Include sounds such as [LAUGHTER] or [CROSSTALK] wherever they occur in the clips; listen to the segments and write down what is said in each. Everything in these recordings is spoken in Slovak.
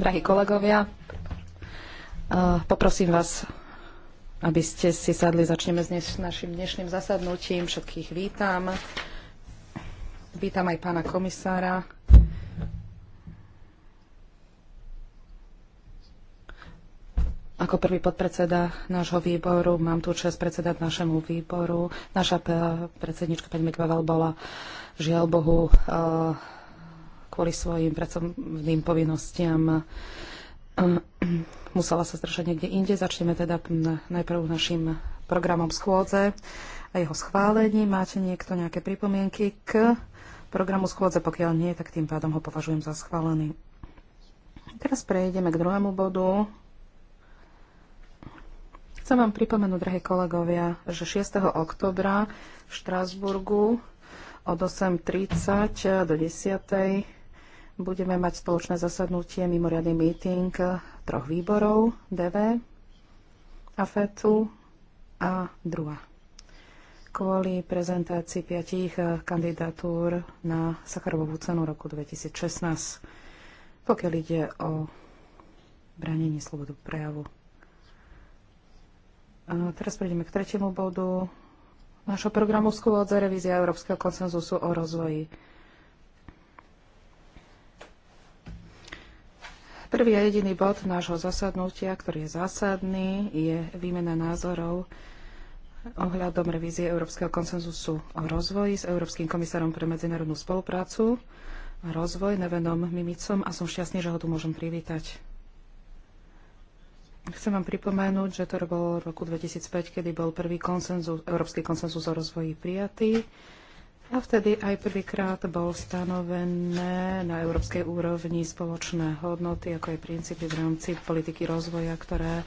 Drahí kolegovia, eh, poprosím vás, aby ste si sadli. Začneme s našim dnešným zasadnutím. Všetkých vítam. Vítam aj pána komisára. Ako prvý podpredseda nášho výboru mám tu čest predsedať našemu výboru. Naša eh, predsednička pani Mikvavel bola žiaľ Bohu eh, kvôli svojim pracovným povinnostiam musela sa zdržať niekde inde. Začneme teda najprv našim programom schôdze a jeho schválení. Máte niekto nejaké pripomienky k programu schôdze? Pokiaľ nie, tak tým pádom ho považujem za schválený. Teraz prejdeme k druhému bodu. Chcem vám pripomenúť, drahí kolegovia, že 6. oktobra v Štrásburgu od 8.30 do 10.00 budeme mať spoločné zasadnutie, mimoriadný meeting eh, troch výborov, DV, AFETu a DRUA e kvôli prezentácii piatich eh, kandidatúr na Sacharovú cenu roku 2016, pokiaľ ide o branenie slobodu prejavu. A eh, teraz prejdeme k tretiemu bodu našho programu schôdze revízia Európskeho konsenzusu o rozvoji Prvý a jediný bod nášho zasadnutia, ktorý je zásadný, je výmena názorov ohľadom revízie Európskeho konsenzusu o rozvoji s Európskym komisárom pre medzinárodnú spoluprácu a rozvoj Nevenom Mimicom a som šťastný, že ho tu môžem privítať. Chcem vám pripomenúť, že to bolo v roku 2005, kedy bol prvý konsenzus, Európsky konsenzus o rozvoji prijatý a vtedy aj prvýkrát bol stanovené na európskej úrovni spoločné hodnoty, ako aj princípy v rámci politiky rozvoja, ktoré e,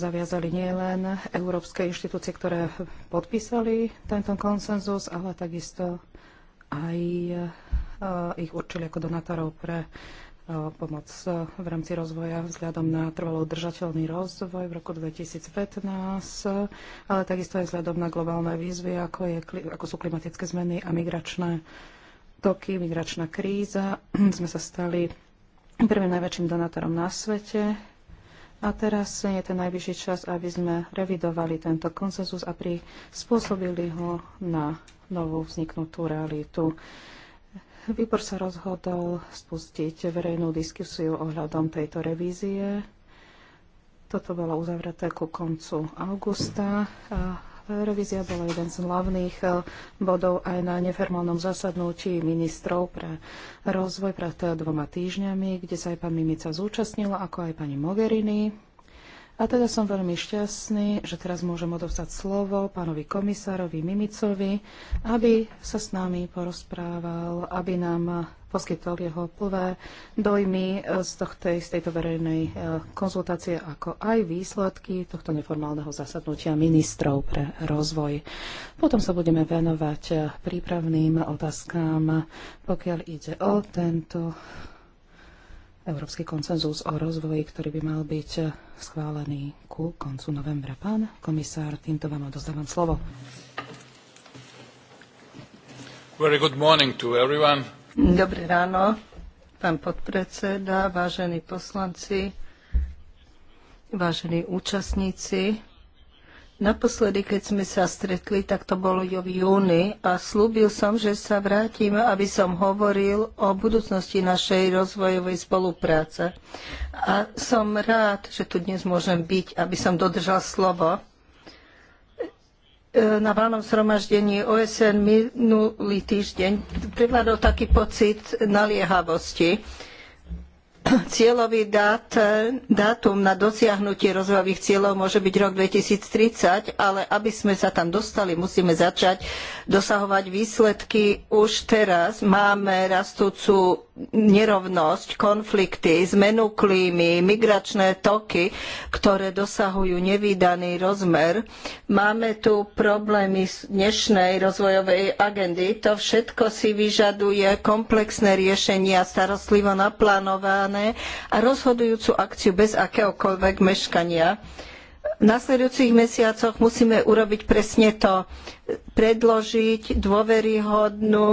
zaviazali nielen európske inštitúcie, ktoré podpísali tento konsenzus, ale takisto aj e, ich určili ako donátorov pre pomoc e, v rámci rozvoja vzhľadom na trvalo udržateľný rozvoj v roku 2015, ale takisto aj vzhľadom na globálne výzvy, ako, je, ako sú klimatické zmeny a migračné toky, migračná kríza. [CLEARS THROAT] Sme sa stali prvým najväčším donátorom na svete a teraz je ten najvyšší čas, aby sme revidovali tento konsenzus a prispôsobili ho na novú vzniknutú realitu. Výbor sa rozhodol spustiť verejnú diskusiu ohľadom tejto revízie. Toto bolo uzavreté ku koncu augusta. Revízia bola jeden z hlavných e, bodov aj na neformálnom zasadnutí ministrov pre rozvoj pred dvoma týždňami, kde sa aj pán Mimica zúčastnila, ako aj pani Mogherini. A teda som veľmi šťastný, že teraz môžem odovzdať slovo pánovi komisárovi Mimicovi, aby sa s nami porozprával, aby nám poskytol jeho plvé dojmy z, tohto, z tejto verejnej eh, konzultácie, ako aj výsledky tohto neformálneho zasadnutia ministrov pre rozvoj. Potom sa budeme venovať eh, prípravným otázkám, pokiaľ ide o tento Európsky koncenzus o rozvoji, ktorý by mal byť schválený ku koncu novembra. Pán komisár, týmto vám odozdávam slovo. Very good morning to everyone. Dobré ráno, pán podpredseda, vážení poslanci, vážení účastníci Naposledy, keď sme sa stretli, tak to bolo v júni a slúbil som, že sa vrátim, aby som hovoril o budúcnosti našej rozvojovej spolupráce. A som rád, že tu dnes môžem byť, aby som dodržal slovo. E, na valnom zhromaždení OSN minulý týždeň prevládol taký pocit naliehavosti [CLEARS THROAT] Cieľový dát, dátum na dosiahnutie rozvojových cieľov môže byť rok 2030, ale aby sme sa tam dostali, musíme začať dosahovať výsledky už teraz. Máme rastúcu nerovnosť, konflikty, zmenu klímy, migračné toky, ktoré dosahujú nevýdaný rozmer. Máme tu problémy dnešnej rozvojovej agendy. To všetko si vyžaduje komplexné riešenia, starostlivo naplánované a rozhodujúcu akciu bez akéhokoľvek meškania. V nasledujúcich mesiacoch musíme urobiť presne to, predložiť dôveryhodnú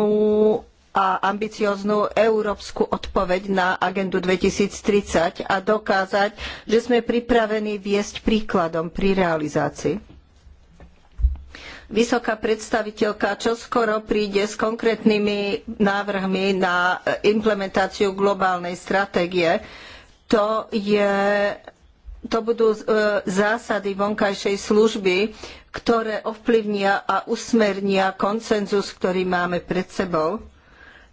a ambicióznu európsku odpoveď na agendu 2030 a dokázať, že sme pripravení viesť príkladom pri realizácii. Vysoká predstaviteľka čoskoro príde s konkrétnymi návrhmi na e, implementáciu globálnej stratégie. To, je, to budú e, zásady vonkajšej služby, ktoré ovplyvnia a usmernia koncenzus, ktorý máme pred sebou.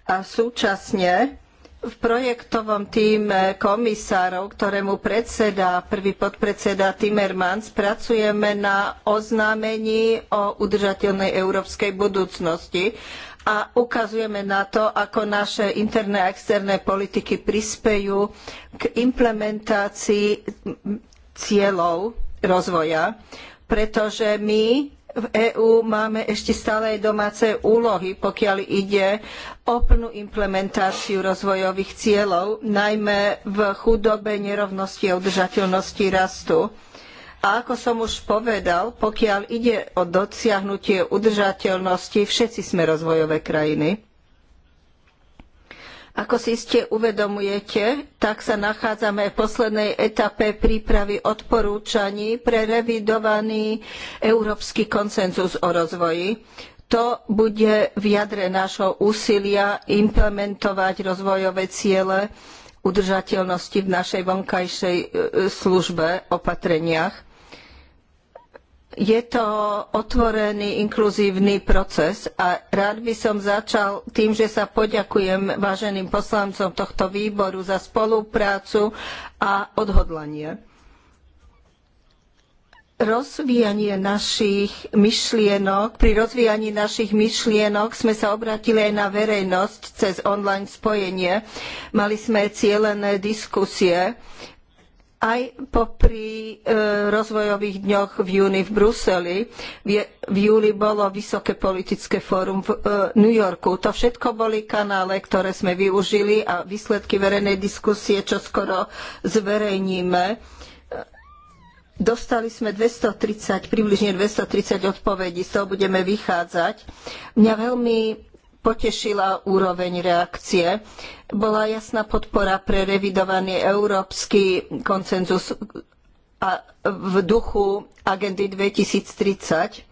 A súčasne v projektovom týme komisárov, ktorému predseda, prvý podpredseda Timmermans, pracujeme na oznámení o udržateľnej európskej budúcnosti a ukazujeme na to, ako naše interné a externé politiky prispejú k implementácii cieľov rozvoja, pretože my v EÚ máme ešte stále aj domáce úlohy, pokiaľ ide o plnú implementáciu rozvojových cieľov, najmä v chudobe, nerovnosti a udržateľnosti rastu. A ako som už povedal, pokiaľ ide o dosiahnutie udržateľnosti, všetci sme rozvojové krajiny. Ako si ste uvedomujete, tak sa nachádzame v poslednej etape prípravy odporúčaní pre revidovaný európsky konsenzus o rozvoji. To bude v jadre nášho úsilia implementovať rozvojové ciele udržateľnosti v našej vonkajšej e, e, službe, opatreniach je to otvorený, inkluzívny proces a rád by som začal tým, že sa poďakujem váženým poslancom tohto výboru za spoluprácu a odhodlanie. Rozvíjanie našich myšlienok, pri rozvíjaní našich myšlienok sme sa obratili aj na verejnosť cez online spojenie. Mali sme cielené diskusie aj popri e, rozvojových dňoch v júni v Bruseli. V, v júli bolo vysoké politické fórum v e, New Yorku. To všetko boli kanále, ktoré sme využili a výsledky verejnej diskusie, čo skoro zverejníme. Dostali sme 230, približne 230 odpovedí, z toho budeme vychádzať. Mňa veľmi potešila úroveň reakcie. Bola jasná podpora pre revidovaný európsky koncenzus a v duchu agendy 2030.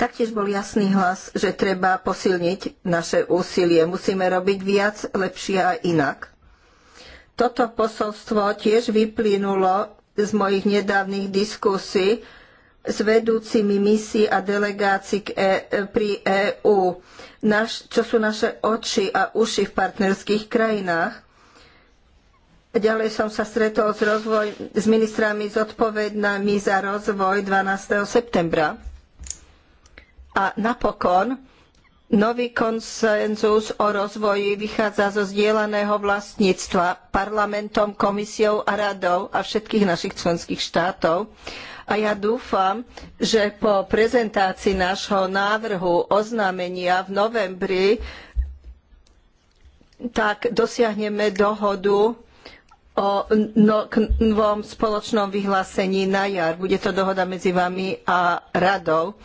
Taktiež bol jasný hlas, že treba posilniť naše úsilie. Musíme robiť viac, lepšie a inak. Toto posolstvo tiež vyplynulo z mojich nedávnych diskusí s vedúcimi misií a delegácií e- pri EÚ naš, čo sú naše oči a uši v partnerských krajinách. Ďalej som sa stretol s, rozvoj, s ministrami zodpovednými za rozvoj 12. septembra. A napokon nový konsenzus o rozvoji vychádza zo zdieľaného vlastníctva parlamentom, komisiou a radou a všetkých našich členských štátov a ja dúfam, že po prezentácii nášho návrhu oznámenia v novembri tak dosiahneme dohodu o no-, novom spoločnom vyhlásení na jar. Bude to dohoda medzi vami a radou.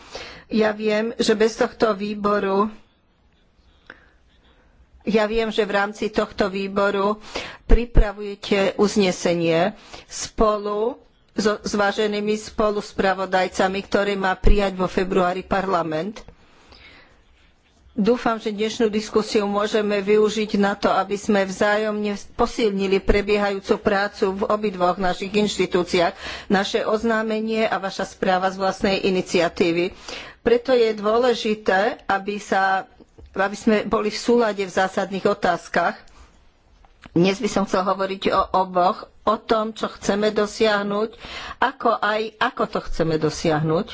Ja viem, že bez tohto výboru ja viem, že v rámci tohto výboru pripravujete uznesenie spolu so zváženými spoluspravodajcami, ktoré má prijať vo februári parlament. Dúfam, že dnešnú diskusiu môžeme využiť na to, aby sme vzájomne posilnili prebiehajúcu prácu v obidvoch našich inštitúciách, naše oznámenie a vaša správa z vlastnej iniciatívy. Preto je dôležité, aby, sa, aby sme boli v súlade v zásadných otázkach dnes by som chcel hovoriť o oboch, o tom, čo chceme dosiahnuť, ako aj ako to chceme dosiahnuť.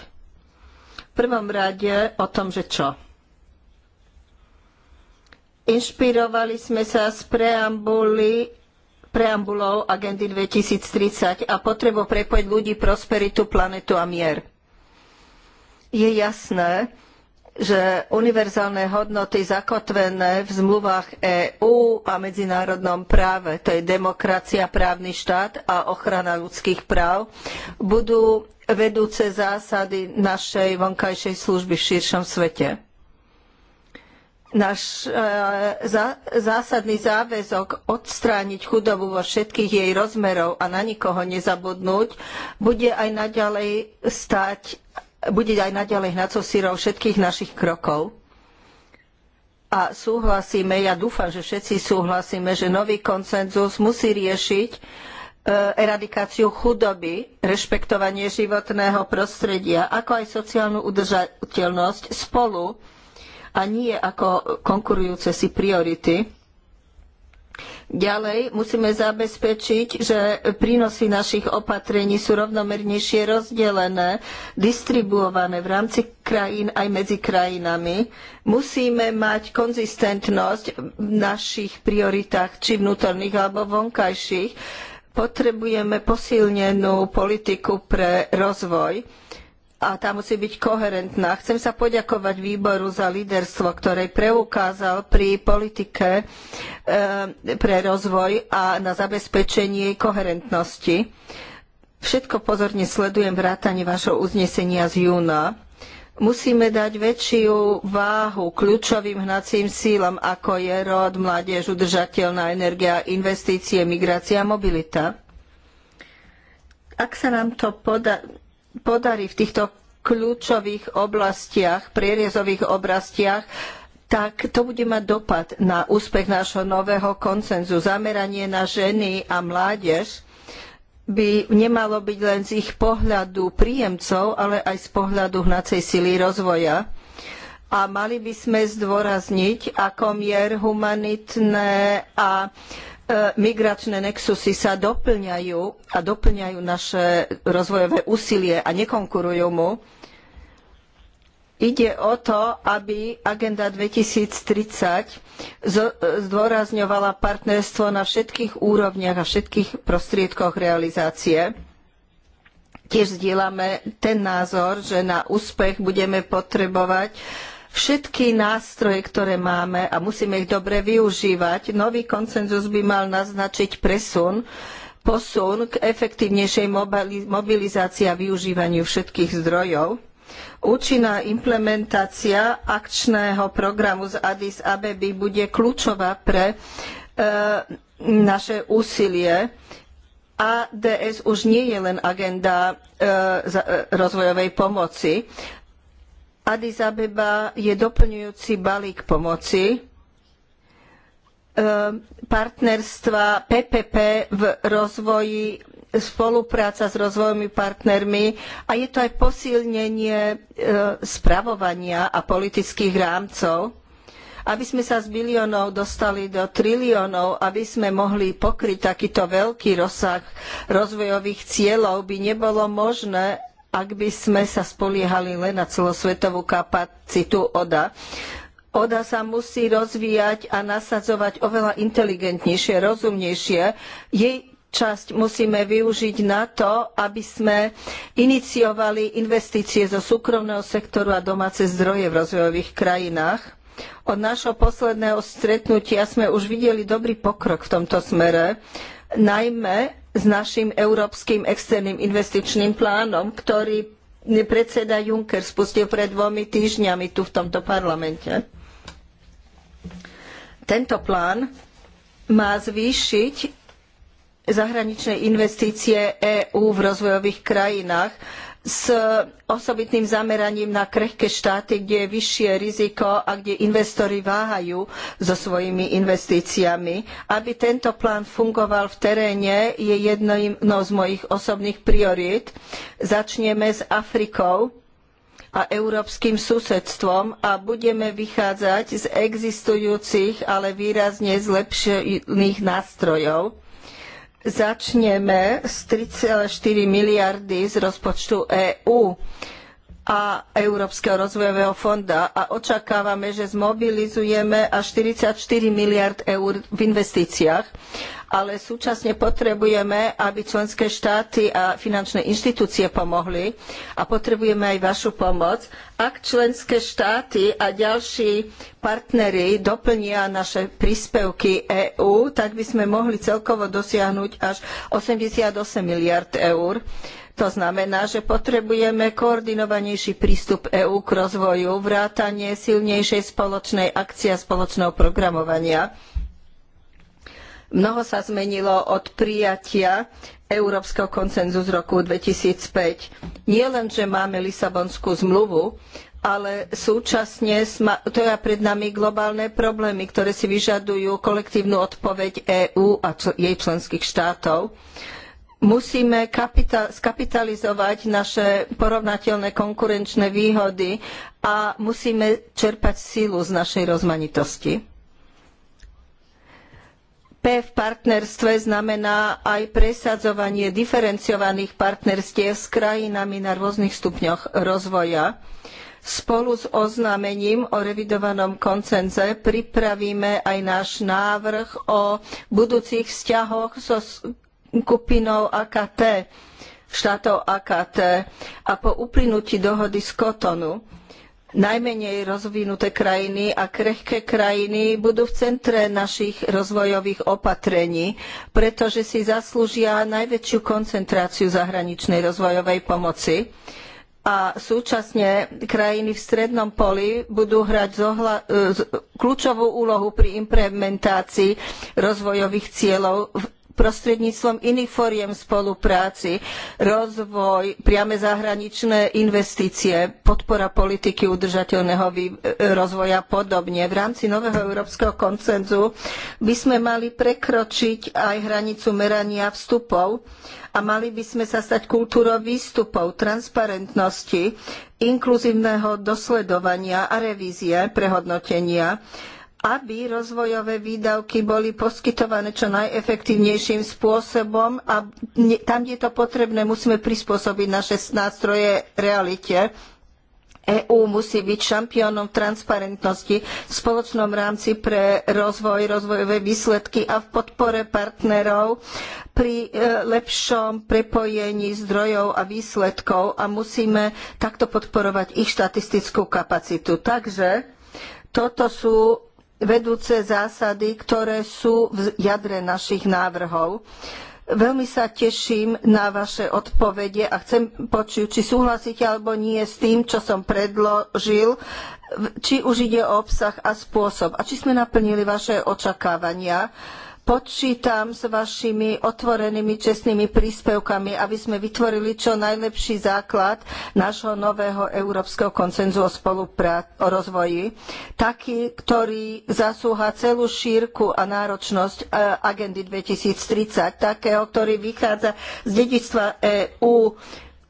V prvom rade o tom, že čo. Inšpirovali sme sa z preambuly preambulou agendy 2030 a potrebu prepojiť ľudí, prosperitu, planetu a mier. Je jasné, že univerzálne hodnoty zakotvené v zmluvách EÚ a medzinárodnom práve, to je demokracia, právny štát a ochrana ľudských práv, budú vedúce zásady našej vonkajšej služby v širšom svete. Náš e, zásadný záväzok odstrániť chudobu vo všetkých jej rozmerov a na nikoho nezabudnúť bude aj naďalej stať bude aj naďalej hnacou sírou všetkých našich krokov. A súhlasíme, ja dúfam, že všetci súhlasíme, že nový koncenzus musí riešiť e, eradikáciu chudoby, rešpektovanie životného prostredia, ako aj sociálnu udržateľnosť spolu a nie ako konkurujúce si priority. Ďalej musíme zabezpečiť, že prínosy našich opatrení sú rovnomernejšie rozdelené, distribuované v rámci krajín aj medzi krajinami. Musíme mať konzistentnosť v našich prioritách, či vnútorných alebo vonkajších. Potrebujeme posilnenú politiku pre rozvoj a tá musí byť koherentná. Chcem sa poďakovať výboru za líderstvo, ktoré preukázal pri politike e, pre rozvoj a na zabezpečenie koherentnosti. Všetko pozorne sledujem vrátane vášho uznesenia z júna. Musíme dať väčšiu váhu kľúčovým hnacím sílam, ako je rod, mládež, udržateľná energia, investície, migrácia a mobilita. Ak sa nám to podarí, podarí v týchto kľúčových oblastiach, prierezových oblastiach, tak to bude mať dopad na úspech nášho nového koncenzu. Zameranie na ženy a mládež by nemalo byť len z ich pohľadu príjemcov, ale aj z pohľadu hnacej sily rozvoja. A mali by sme zdôrazniť, ako mier humanitné a E, migračné nexusy sa doplňajú a doplňajú naše rozvojové úsilie a nekonkurujú mu. Ide o to, aby Agenda 2030 e, zdôrazňovala partnerstvo na všetkých úrovniach a všetkých prostriedkoch realizácie. Tiež zdieľame ten názor, že na úspech budeme potrebovať všetky nástroje, ktoré máme a musíme ich dobre využívať. Nový koncenzus by mal naznačiť presun posun k efektívnejšej mobilizácii a využívaniu všetkých zdrojov. Účinná implementácia akčného programu z Addis Abeby bude kľúčová pre e, naše úsilie. ADS už nie je len agenda e, e rozvojovej pomoci. Addis Abeba je doplňujúci balík pomoci ehm, partnerstva PPP v rozvoji spolupráca s rozvojovými partnermi a je to aj posilnenie e, spravovania a politických rámcov, aby sme sa z biliónov dostali do triliónov, aby sme mohli pokryť takýto veľký rozsah rozvojových cieľov, by nebolo možné ak by sme sa spoliehali len na celosvetovú kapacitu ODA. ODA sa musí rozvíjať a nasadzovať oveľa inteligentnejšie, rozumnejšie. Jej časť musíme využiť na to, aby sme iniciovali investície zo súkromného sektoru a domáce zdroje v rozvojových krajinách. Od nášho posledného stretnutia sme už videli dobrý pokrok v tomto smere, najmä s našim európskym externým investičným plánom, ktorý predseda Juncker spustil pred dvomi týždňami tu v tomto parlamente. Tento plán má zvýšiť zahraničné investície EÚ v rozvojových krajinách s osobitným zameraním na krehké štáty, kde je vyššie riziko a kde investori váhajú so svojimi investíciami. Aby tento plán fungoval v teréne, je jednou z mojich osobných priorít. Začneme s Afrikou a európskym susedstvom a budeme vychádzať z existujúcich, ale výrazne zlepšených nástrojov Začneme s four miliardy z rozpočtu EÚ a Európskeho rozvojového fonda a očakávame, že zmobilizujeme až 44 miliard eur v investíciách, ale súčasne potrebujeme, aby členské štáty a finančné inštitúcie pomohli a potrebujeme aj vašu pomoc. Ak členské štáty a ďalší partneri doplnia naše príspevky EÚ, tak by sme mohli celkovo dosiahnuť až 88 miliard eur to znamená, že potrebujeme koordinovanejší prístup EÚ k rozvoju, vrátanie silnejšej spoločnej akcie a spoločného programovania. Mnoho sa zmenilo od prijatia Európskeho koncenzu z roku 2005. Nie len, že máme Lisabonskú zmluvu, ale súčasne stoja pred nami globálne problémy, ktoré si vyžadujú kolektívnu odpoveď EÚ a jej členských štátov musíme skapitalizovať naše porovnateľné konkurenčné výhody a musíme čerpať silu z našej rozmanitosti. P v partnerstve znamená aj presadzovanie diferenciovaných partnerstiev s krajinami na rôznych stupňoch rozvoja. Spolu s oznámením o revidovanom koncenze pripravíme aj náš návrh o budúcich vzťahoch so skupinou AKT, štátov AKT a po uplynutí dohody z Kotonu najmenej rozvinuté krajiny a krehké krajiny budú v centre našich rozvojových opatrení, pretože si zaslúžia najväčšiu koncentráciu zahraničnej rozvojovej pomoci a súčasne krajiny v strednom poli budú hrať zohla, kľúčovú úlohu pri implementácii rozvojových cieľov v prostredníctvom iných foriem spolupráci, rozvoj, priame zahraničné investície, podpora politiky udržateľného rozvoja a podobne. V rámci nového európskeho koncenzu by sme mali prekročiť aj hranicu merania vstupov a mali by sme sa stať kultúrou výstupov, transparentnosti, inkluzívneho dosledovania a revízie, prehodnotenia aby rozvojové výdavky boli poskytované čo najefektívnejším spôsobom a tam, kde je to potrebné, musíme prispôsobiť naše nástroje realite. EÚ musí byť šampiónom transparentnosti v spoločnom rámci pre rozvoj, rozvojové výsledky a v podpore partnerov pri e, lepšom prepojení zdrojov a výsledkov a musíme takto podporovať ich štatistickú kapacitu. Takže toto sú vedúce zásady, ktoré sú v jadre našich návrhov. Veľmi sa teším na vaše odpovede a chcem počuť, či súhlasíte alebo nie s tým, čo som predložil, či už ide o obsah a spôsob a či sme naplnili vaše očakávania. Počítam s vašimi otvorenými čestnými príspevkami, aby sme vytvorili čo najlepší základ nášho nového európskeho koncenzu o, spoluprá- o rozvoji, taký, ktorý zasúha celú šírku a náročnosť e, agendy 2030, takého, ktorý vychádza z dedičstva EÚ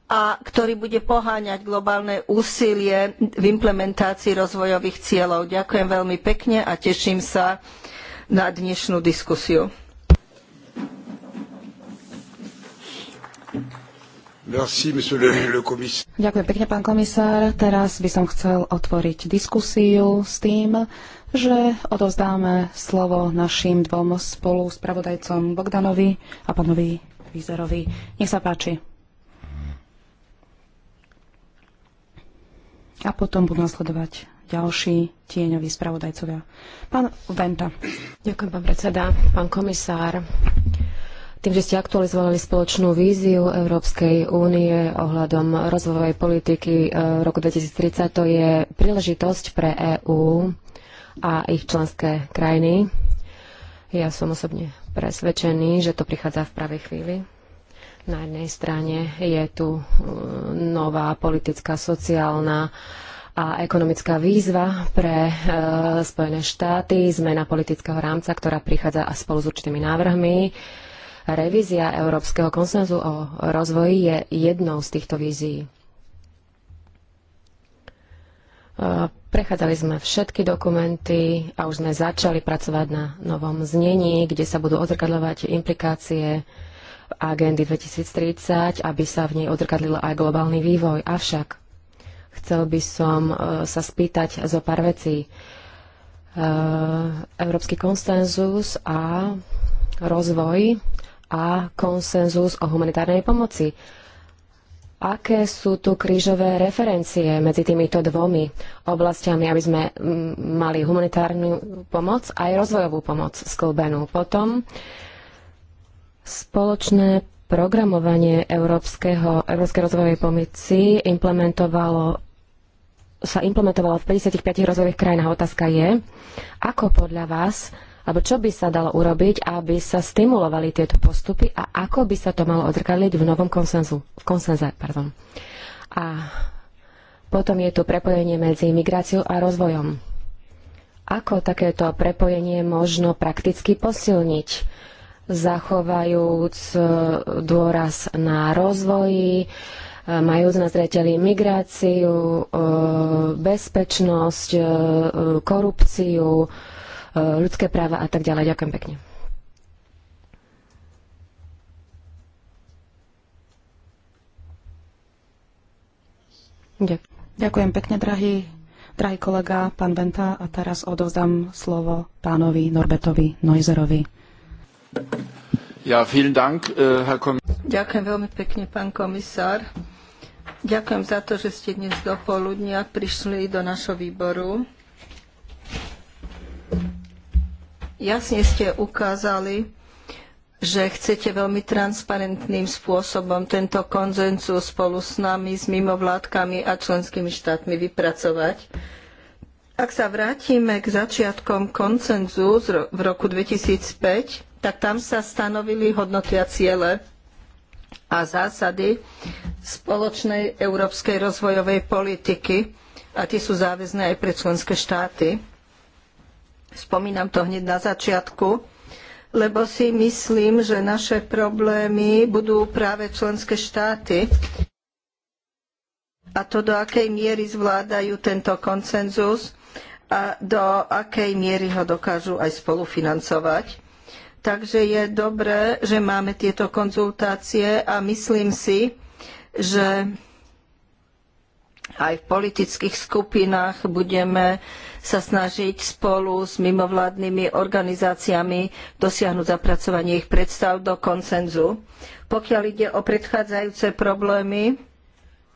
a ktorý bude poháňať globálne úsilie v implementácii rozvojových cieľov. Ďakujem veľmi pekne a teším sa na dnešnú diskusiu. Ďakujem pekne, pán komisár. Teraz by som chcel otvoriť diskusiu s tým, že odovzdáme slovo našim dvom spolu spravodajcom Bogdanovi a pánovi Vizerovi. Nech sa páči. A potom budú nasledovať ďalší tieňoví spravodajcovia. Pán Venta. Ďakujem, pán predseda, pán komisár. Tým, že ste aktualizovali spoločnú víziu Európskej únie ohľadom rozvojovej politiky e, roku 2030, to je príležitosť pre EÚ a ich členské krajiny. Ja som osobne presvedčený, že to prichádza v pravej chvíli. Na jednej strane je tu e, nová politická, sociálna a ekonomická výzva pre e, Spojené štáty, zmena politického rámca, ktorá prichádza a spolu s určitými návrhmi. Revízia Európskeho konsenzu o rozvoji je jednou z týchto vízií. E, prechádzali sme všetky dokumenty a už sme začali pracovať na novom znení, kde sa budú odzrkadľovať implikácie agendy 2030, aby sa v nej odzrkadlil aj globálny vývoj. Avšak Chcel by som e, sa spýtať zo pár vecí. E, Európsky konsenzus a rozvoj a konsenzus o humanitárnej pomoci. Aké sú tu krížové referencie medzi týmito dvomi oblastiami, aby sme mm, mali humanitárnu pomoc a aj rozvojovú pomoc sklbenú? Potom spoločné programovanie Európskej rozvojovej pomoci implementovalo sa implementovala v 55 rozvojových krajinách. Otázka je, ako podľa vás, alebo čo by sa dalo urobiť, aby sa stimulovali tieto postupy a ako by sa to malo odzrkadliť v novom konsenzu, v konsenze. Pardon. A potom je tu prepojenie medzi migráciou a rozvojom. Ako takéto prepojenie možno prakticky posilniť? zachovajúc dôraz na rozvoji, majú na zreteli migráciu, e, bezpečnosť, e, korupciu, e, ľudské práva a tak ďalej. Ďakujem pekne. Ďakujem. pekne, drahý, drahý kolega, pán Venta. A teraz odovzdám slovo pánovi Norbertovi Noizerovi. Ja, vielen Dank, äh, Herr Ďakujem veľmi pekne, pán komisár. Ďakujem za to, že ste dnes do poludnia prišli do našho výboru. Jasne ste ukázali, že chcete veľmi transparentným spôsobom tento konzenzus spolu s nami, s mimovládkami a členskými štátmi vypracovať. Ak sa vrátime k začiatkom koncenzu v roku 2005, tak tam sa stanovili hodnoty a ciele a zásady spoločnej európskej rozvojovej politiky a tie sú záväzné aj pre členské štáty. Spomínam to hneď na začiatku, lebo si myslím, že naše problémy budú práve členské štáty a to, do akej miery zvládajú tento koncenzus a do akej miery ho dokážu aj spolufinancovať. Takže je dobré, že máme tieto konzultácie a myslím si, že aj v politických skupinách budeme sa snažiť spolu s mimovládnymi organizáciami dosiahnuť zapracovanie ich predstav do konsenzu. Pokiaľ ide o predchádzajúce problémy,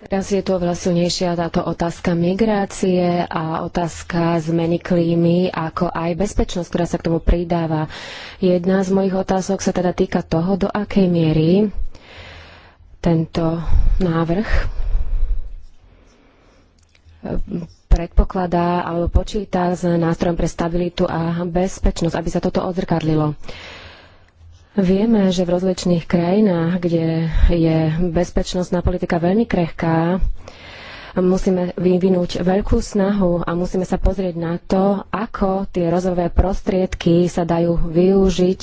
Teraz je tu oveľa silnejšia táto otázka migrácie a otázka zmeny klímy, ako aj bezpečnosť, ktorá sa k tomu pridáva. Jedna z mojich otázok sa teda týka toho, do akej miery tento návrh predpokladá alebo počíta s nástrojom pre stabilitu a bezpečnosť, aby sa toto odzrkadlilo. Vieme, že v rozličných krajinách, kde je bezpečnostná politika veľmi krehká, musíme vyvinúť veľkú snahu a musíme sa pozrieť na to, ako tie rozvojové prostriedky sa dajú využiť,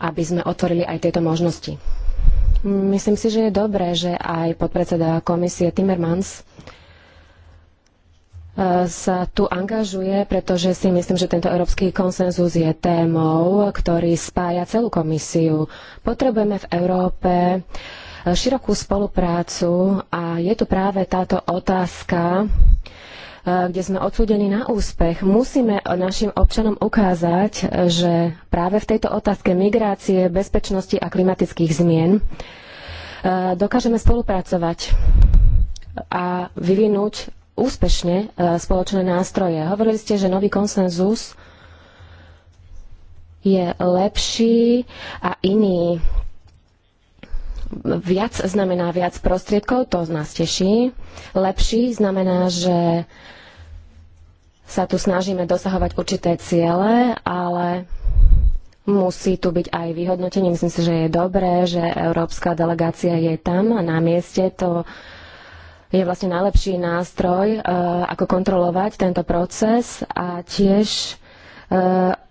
aby sme otvorili aj tieto možnosti. Myslím si, že je dobré, že aj podpredseda komisie Timmermans sa tu angažuje, pretože si myslím, že tento európsky konsenzus je témou, ktorý spája celú komisiu. Potrebujeme v Európe eh, širokú spoluprácu a je tu práve táto otázka, eh, kde sme odsúdení na úspech. Musíme našim občanom ukázať, eh, že práve v tejto otázke migrácie, bezpečnosti a klimatických zmien dokážeme spolupracovať a vyvinúť úspešne e, spoločné nástroje. Hovorili ste, že nový konsenzus je lepší a iný. Viac znamená viac prostriedkov, to nás teší. Lepší znamená, že sa tu snažíme dosahovať určité ciele, ale musí tu byť aj vyhodnotenie. Myslím si, že je dobré, že európska delegácia je tam a na mieste. To je vlastne najlepší nástroj, e, ako kontrolovať tento proces a tiež e,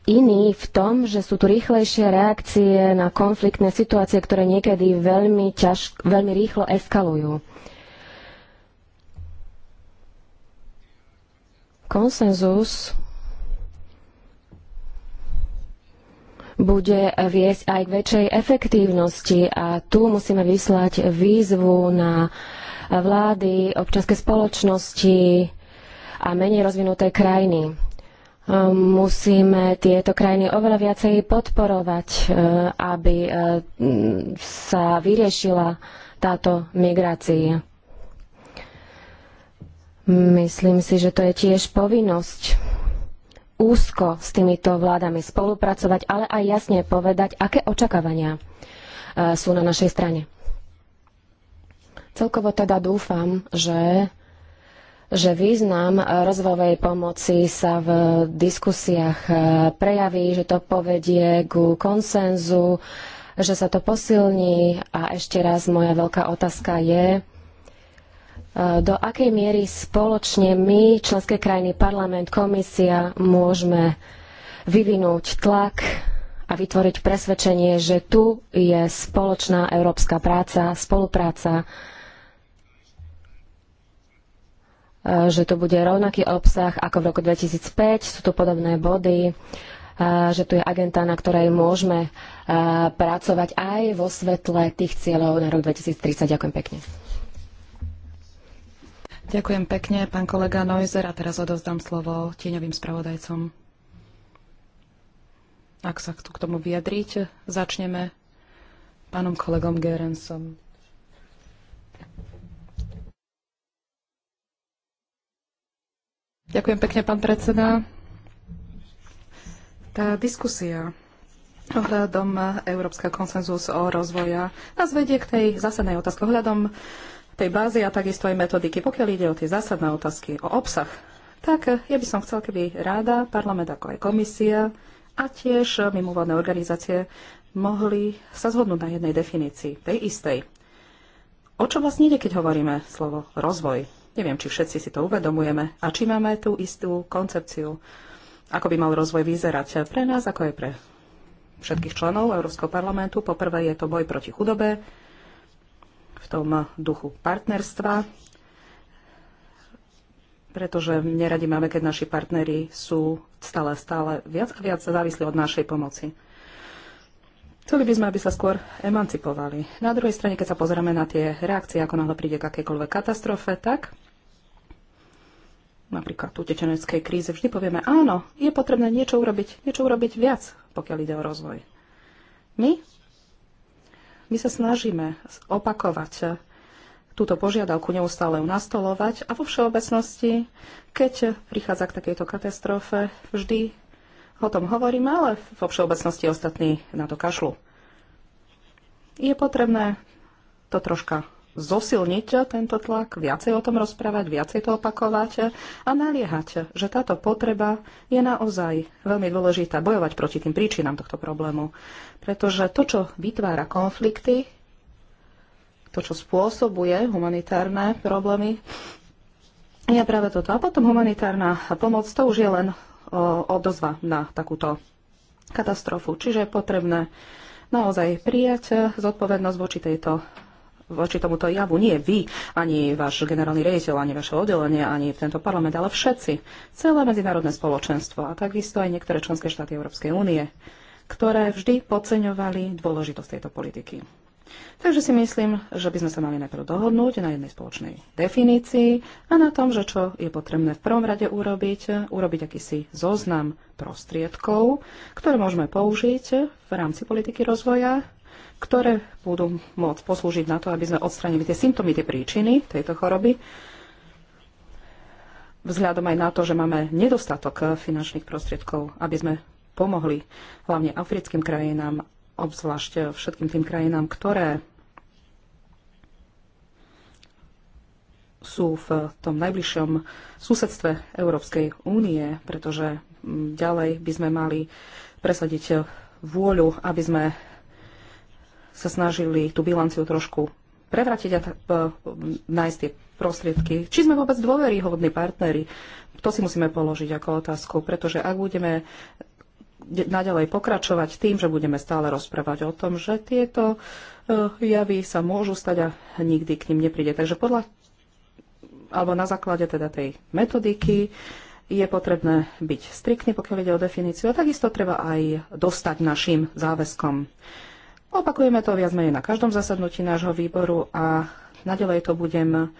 iný v tom, že sú tu rýchlejšie reakcie na konfliktné situácie, ktoré niekedy veľmi, ťaž, veľmi rýchlo eskalujú. Konsenzus bude viesť aj k väčšej efektívnosti a tu musíme vyslať výzvu na uh, vlády, občanské spoločnosti a menej rozvinuté krajiny. Ehm, musíme tieto krajiny oveľa viacej podporovať, eh, aby eh, sa vyriešila táto migrácia. Myslím si, že to je tiež povinnosť úzko s týmito vládami spolupracovať, ale aj jasne povedať, aké očakávania eh, sú na našej strane. Celkovo teda dúfam, že že význam rozvojovej pomoci sa v diskusiách eh, prejaví, že to povedie ku konsenzu, že sa to posilní. A ešte raz moja veľká otázka je, eh, do akej miery spoločne my, členské krajiny, parlament, komisia, môžeme vyvinúť tlak a vytvoriť presvedčenie, že tu je spoločná európska práca, spolupráca, E, že to bude rovnaký obsah ako v roku 2005, sú tu podobné body, e, že tu je agenta, na ktorej môžeme e, pracovať aj vo svetle tých cieľov na rok 2030. Ďakujem pekne. Ďakujem pekne, pán kolega Neuser. A teraz odovzdám slovo tieňovým spravodajcom. Ak sa k tomu vyjadriť, začneme pánom kolegom Gerensom. Ďakujem pekne, pán predseda. Tá diskusia ohľadom Európskeho konsenzus o rozvoja nás vedie k tej zásadnej otázke ohľadom tej bázy a takisto aj metodiky. Pokiaľ ide o tie zásadné otázky, o obsah, tak ja by som chcel, keby ráda, parlament ako aj komisia a tiež mimovládne organizácie mohli sa zhodnúť na jednej definícii, tej istej. O čo vlastne ide, keď hovoríme slovo rozvoj? Neviem, či všetci si to uvedomujeme a či máme tú istú koncepciu, ako by mal rozvoj vyzerať pre nás, ako aj pre všetkých členov Európskeho parlamentu. Poprvé je to boj proti chudobe v tom duchu partnerstva, pretože neradi máme, keď naši partneri sú stále, stále viac a viac závislí od našej pomoci. Chceli by sme, aby sa skôr emancipovali. Na druhej strane, keď sa pozrieme na tie reakcie, ako náhle príde k akékoľvek katastrofe, tak napríklad utečeneckej kríze, vždy povieme, áno, je potrebné niečo urobiť, niečo urobiť viac, pokiaľ ide o rozvoj. My, my sa snažíme opakovať túto požiadavku neustále nastolovať a vo všeobecnosti, keď prichádza k takejto katastrofe, vždy o tom hovoríme, ale vo všeobecnosti ostatní na to kašlu. Je potrebné to troška zosilniť tento tlak, viacej o tom rozprávať, viacej to opakovať a naliehať, že táto potreba je naozaj veľmi dôležitá bojovať proti tým príčinám tohto problému. Pretože to, čo vytvára konflikty, to, čo spôsobuje humanitárne problémy, je práve toto. A potom humanitárna pomoc, to už je len odozva na takúto katastrofu. Čiže je potrebné naozaj prijať zodpovednosť voči tejto voči tomuto javu. Nie vy, ani váš generálny rejiteľ, ani vaše oddelenie, ani tento parlament, ale všetci. Celé medzinárodné spoločenstvo a takisto aj niektoré členské štáty Európskej únie, ktoré vždy podceňovali dôležitosť tejto politiky. Takže si myslím, že by sme sa mali najprv dohodnúť na jednej spoločnej definícii a na tom, že čo je potrebné v prvom rade urobiť, urobiť akýsi zoznam prostriedkov, ktoré môžeme použiť v rámci politiky rozvoja ktoré budú môcť poslúžiť na to, aby sme odstranili tie symptómy, tie príčiny tejto choroby, vzhľadom aj na to, že máme nedostatok eh, finančných prostriedkov, aby sme pomohli hlavne africkým krajinám, obzvlášť eh, všetkým tým krajinám, ktoré sú v tom najbližšom susedstve Európskej únie, pretože mm, ďalej by sme mali presadiť eh, vôľu, aby sme sa snažili tú bilanciu trošku prevratiť a nájsť tie prostriedky. Či sme vôbec dôveryhodní partneri, to si musíme položiť ako otázku, pretože ak budeme naďalej pokračovať tým, že budeme stále rozprávať o tom, že tieto eh, javy sa môžu stať a nikdy k ním nepríde. Takže podľa, alebo na základe teda tej metodiky je potrebné byť striktný, pokiaľ ide o definíciu. A takisto treba aj dostať našim záväzkom. Opakujeme to viac menej na každom zasadnutí nášho výboru a nadalej to budem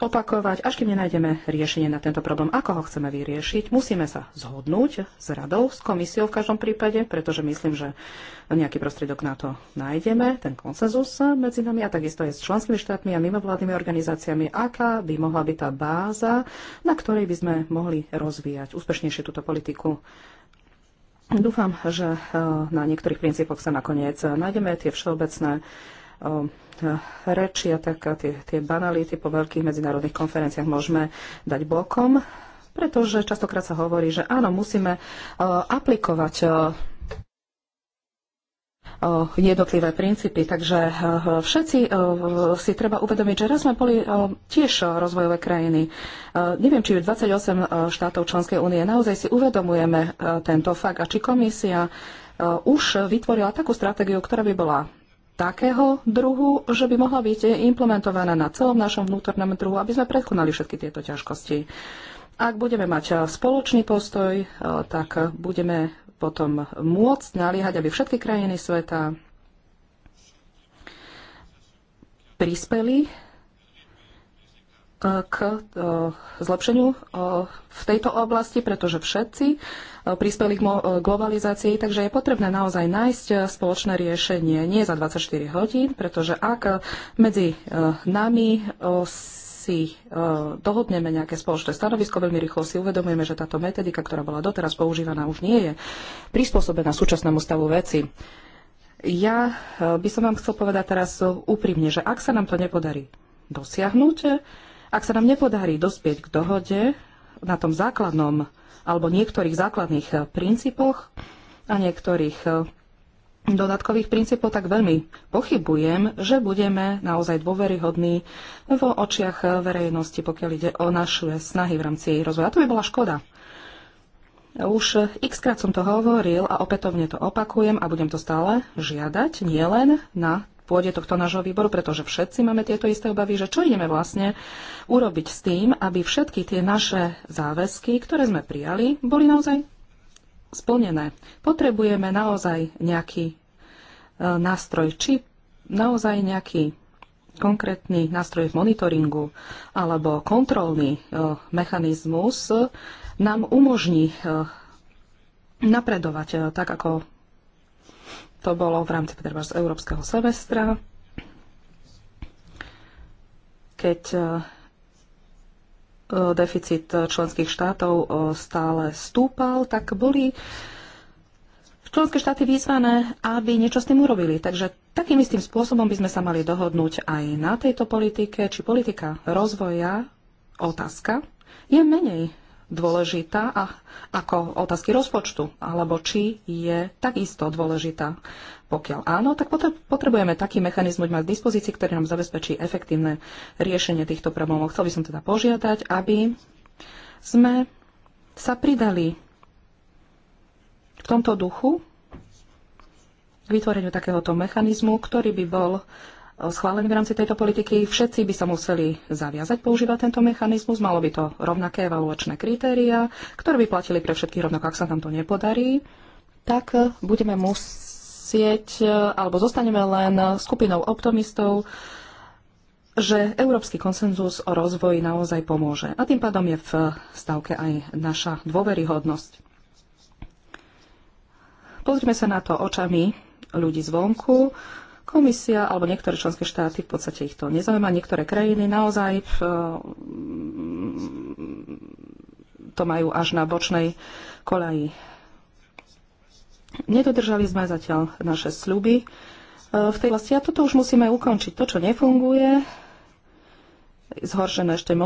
opakovať, až kým nenájdeme riešenie na tento problém. Ako ho chceme vyriešiť? Musíme sa zhodnúť s radou, s komisiou v každom prípade, pretože myslím, že nejaký prostriedok na to nájdeme, ten konsenzus medzi nami a takisto aj s členskými štátmi a mimovládnymi organizáciami, aká by mohla byť tá báza, na ktorej by sme mohli rozvíjať úspešnejšie túto politiku Dúfam, že e, na niektorých princípoch sa nakoniec e, nájdeme tie všeobecné e, reči a tak tie, tie banality po veľkých medzinárodných konferenciách môžeme dať bokom, pretože častokrát sa hovorí, že áno, musíme aplikovať Eh, jednotlivé princípy. Takže eh, všetci eh, si treba uvedomiť, že raz sme boli tiež rozvojové krajiny. Neviem, či 28 štátov členskej únie naozaj si uvedomujeme tento fakt a či komisia už vytvorila takú stratégiu, ktorá by bola takého druhu, že by mohla byť implementovaná na celom našom vnútornom druhu, aby sme prekonali všetky tieto ťažkosti. Ak budeme mať spoločný postoj, tak budeme potom môcť naliehať, aby všetky krajiny sveta prispeli e, k e, zlepšeniu e, v tejto oblasti, pretože všetci prispeli k globalizácii, takže je potrebné naozaj nájsť spoločné riešenie nie za 24 hodín, pretože ak medzi nami si e, dohodneme nejaké spoločné stanovisko, veľmi rýchlo si uvedomujeme, že táto metodika, ktorá bola doteraz používaná, už nie je prispôsobená súčasnému stavu veci. Ja e, by som vám chcel povedať teraz úprimne, že ak sa nám to nepodarí dosiahnuť, ak sa nám nepodarí dospieť k dohode na tom základnom alebo niektorých základných e, princípoch a niektorých dodatkových princípov, tak veľmi pochybujem, že budeme naozaj dôveryhodní vo očiach verejnosti, pokiaľ ide o naše snahy v rámci jej rozvoja. A to by bola škoda. Už x krát som to hovoril a opätovne to opakujem a budem to stále žiadať, nielen na pôde tohto nášho výboru, pretože všetci máme tieto isté obavy, že čo ideme vlastne urobiť s tým, aby všetky tie naše záväzky, ktoré sme prijali, boli naozaj splnené. Potrebujeme naozaj nejaký e, nástroj, či naozaj nejaký konkrétny nástroj v monitoringu alebo kontrolný e, mechanizmus nám umožní e, napredovať tak, ako to bolo v rámci z európskeho semestra, keď E, deficit členských štátov e, stále stúpal, tak boli členské štáty vyzvané, aby niečo s tým urobili. Takže takým istým spôsobom by sme sa mali dohodnúť aj na tejto politike, či politika rozvoja, otázka, je menej dôležitá ako otázky rozpočtu, alebo či je takisto dôležitá pokiaľ áno, tak potrebujeme taký mechanizmus mať v dispozícii, ktorý nám zabezpečí efektívne riešenie týchto problémov. Chcel by som teda požiadať, aby sme sa pridali v tomto duchu k vytvoreniu takéhoto mechanizmu, ktorý by bol e, schválený v rámci tejto politiky. Všetci by sa museli zaviazať používať tento mechanizmus. Malo by to rovnaké evaluačné kritéria, ktoré by platili pre všetkých rovnako. Ak sa nám to nepodarí, tak e, budeme musieť sieť, e, alebo zostaneme len skupinou optimistov, že európsky konsenzus o rozvoji naozaj pomôže. A tým pádom je v stavke aj naša dôveryhodnosť. Pozrime sa na to očami ľudí zvonku. Komisia alebo niektoré členské štáty v podstate ich to nezaujíma. Niektoré krajiny naozaj e, to majú až na bočnej kolaji Nedodržali sme zatiaľ naše sľuby e, v tej vlasti a toto už musíme ukončiť. To, čo nefunguje, zhoršené ešte e,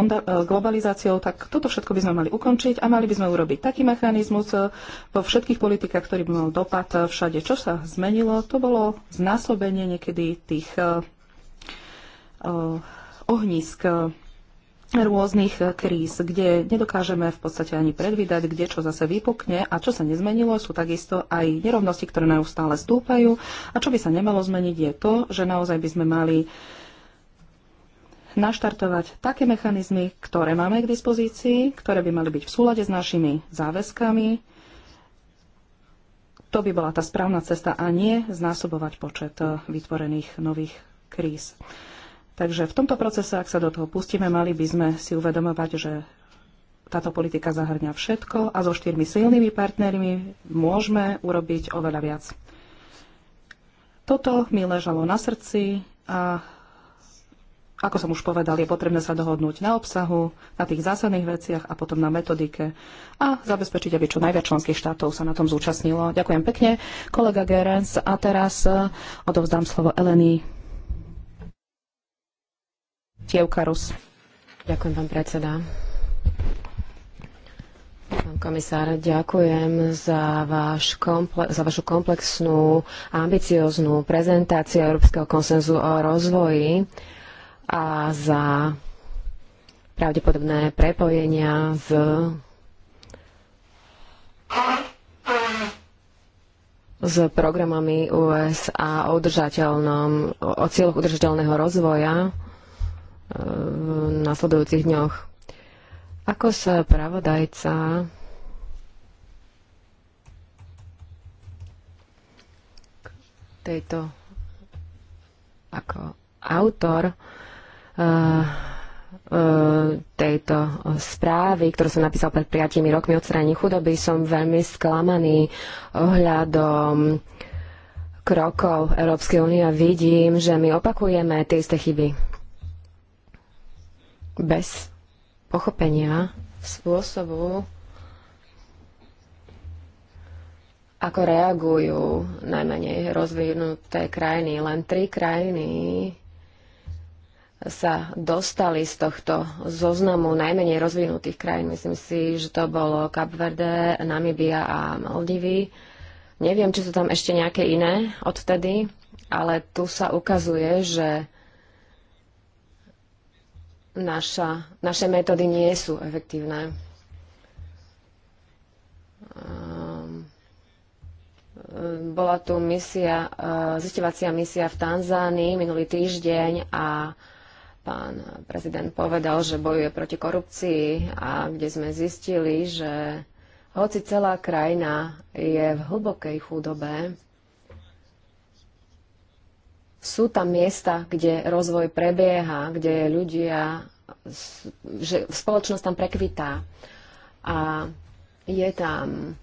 globalizáciou, tak toto všetko by sme mali ukončiť a mali by sme urobiť taký mechanizmus e, vo všetkých politikách, ktorý by mal dopad všade. Čo sa zmenilo, to bolo znásobenie niekedy tých ohnízk rôznych eh, kríz, kde nedokážeme v podstate ani predvídať, kde čo zase vypukne a čo sa nezmenilo, sú takisto aj nerovnosti, ktoré neustále stúpajú. A čo by sa nemalo zmeniť je to, že naozaj by sme mali naštartovať také mechanizmy, ktoré máme k dispozícii, ktoré by mali byť v súlade s našimi záväzkami. To by bola tá správna cesta a nie znásobovať počet eh, vytvorených nových kríz. Takže v tomto procese, ak sa do toho pustíme, mali by sme si uvedomovať, že táto politika zahrňa všetko a so štyrmi silnými partnermi môžeme urobiť oveľa viac. Toto mi ležalo na srdci a ako som už povedal, je potrebné sa dohodnúť na obsahu, na tých zásadných veciach a potom na metodike a zabezpečiť, aby čo najviac členských štátov sa na tom zúčastnilo. Ďakujem pekne, kolega Gerens. A teraz odovzdám slovo Eleni Tievkarus. Ďakujem, pán predseda. Pán komisár, ďakujem za, váš komple- za vašu komplexnú a ambicioznú prezentáciu Európskeho konsenzu o rozvoji a za pravdepodobné prepojenia s s programami USA o, udržateľnom, o cieľoch udržateľného rozvoja v nasledujúcich dňoch. Ako sa pravodajca tejto ako autor uh, tejto správy, ktorú som napísal pred 5 rokmi o straní chudoby, som veľmi sklamaný ohľadom krokov Európskej únie a vidím, že my opakujeme tie isté chyby bez pochopenia spôsobu, ako reagujú najmenej rozvinuté krajiny. Len tri krajiny sa dostali z tohto zoznamu najmenej rozvinutých krajín. Myslím si, že to bolo kapverde, Namibia a Maldivy. Neviem, či sú tam ešte nejaké iné odtedy, ale tu sa ukazuje, že naša, naše metódy nie sú efektívne. Ehm, bola tu misia, eh, zistovacia misia v Tanzánii minulý týždeň a pán prezident povedal, že bojuje proti korupcii a kde sme zistili, že hoci celá krajina je v hlbokej chudobe, sú tam miesta, kde rozvoj prebieha, kde ľudia, že spoločnosť tam prekvitá a je tam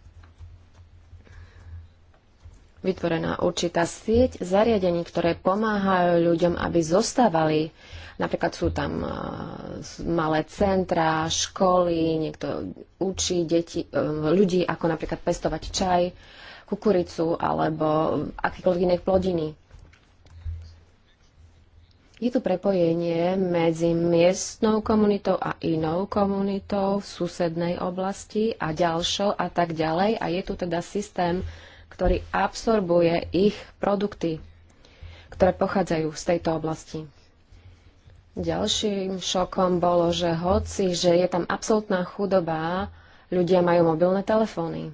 vytvorená určitá sieť zariadení, ktoré pomáhajú ľuďom, aby zostávali. Napríklad sú tam e, malé centra, školy, niekto učí deti, e, ľudí, ako napríklad pestovať čaj, kukuricu alebo akékoľvek iné plodiny je tu prepojenie medzi miestnou komunitou a inou komunitou v susednej oblasti a ďalšou a tak ďalej. A je tu teda systém, ktorý absorbuje ich produkty, ktoré pochádzajú z tejto oblasti. Ďalším šokom bolo, že hoci, že je tam absolútna chudoba, ľudia majú mobilné telefóny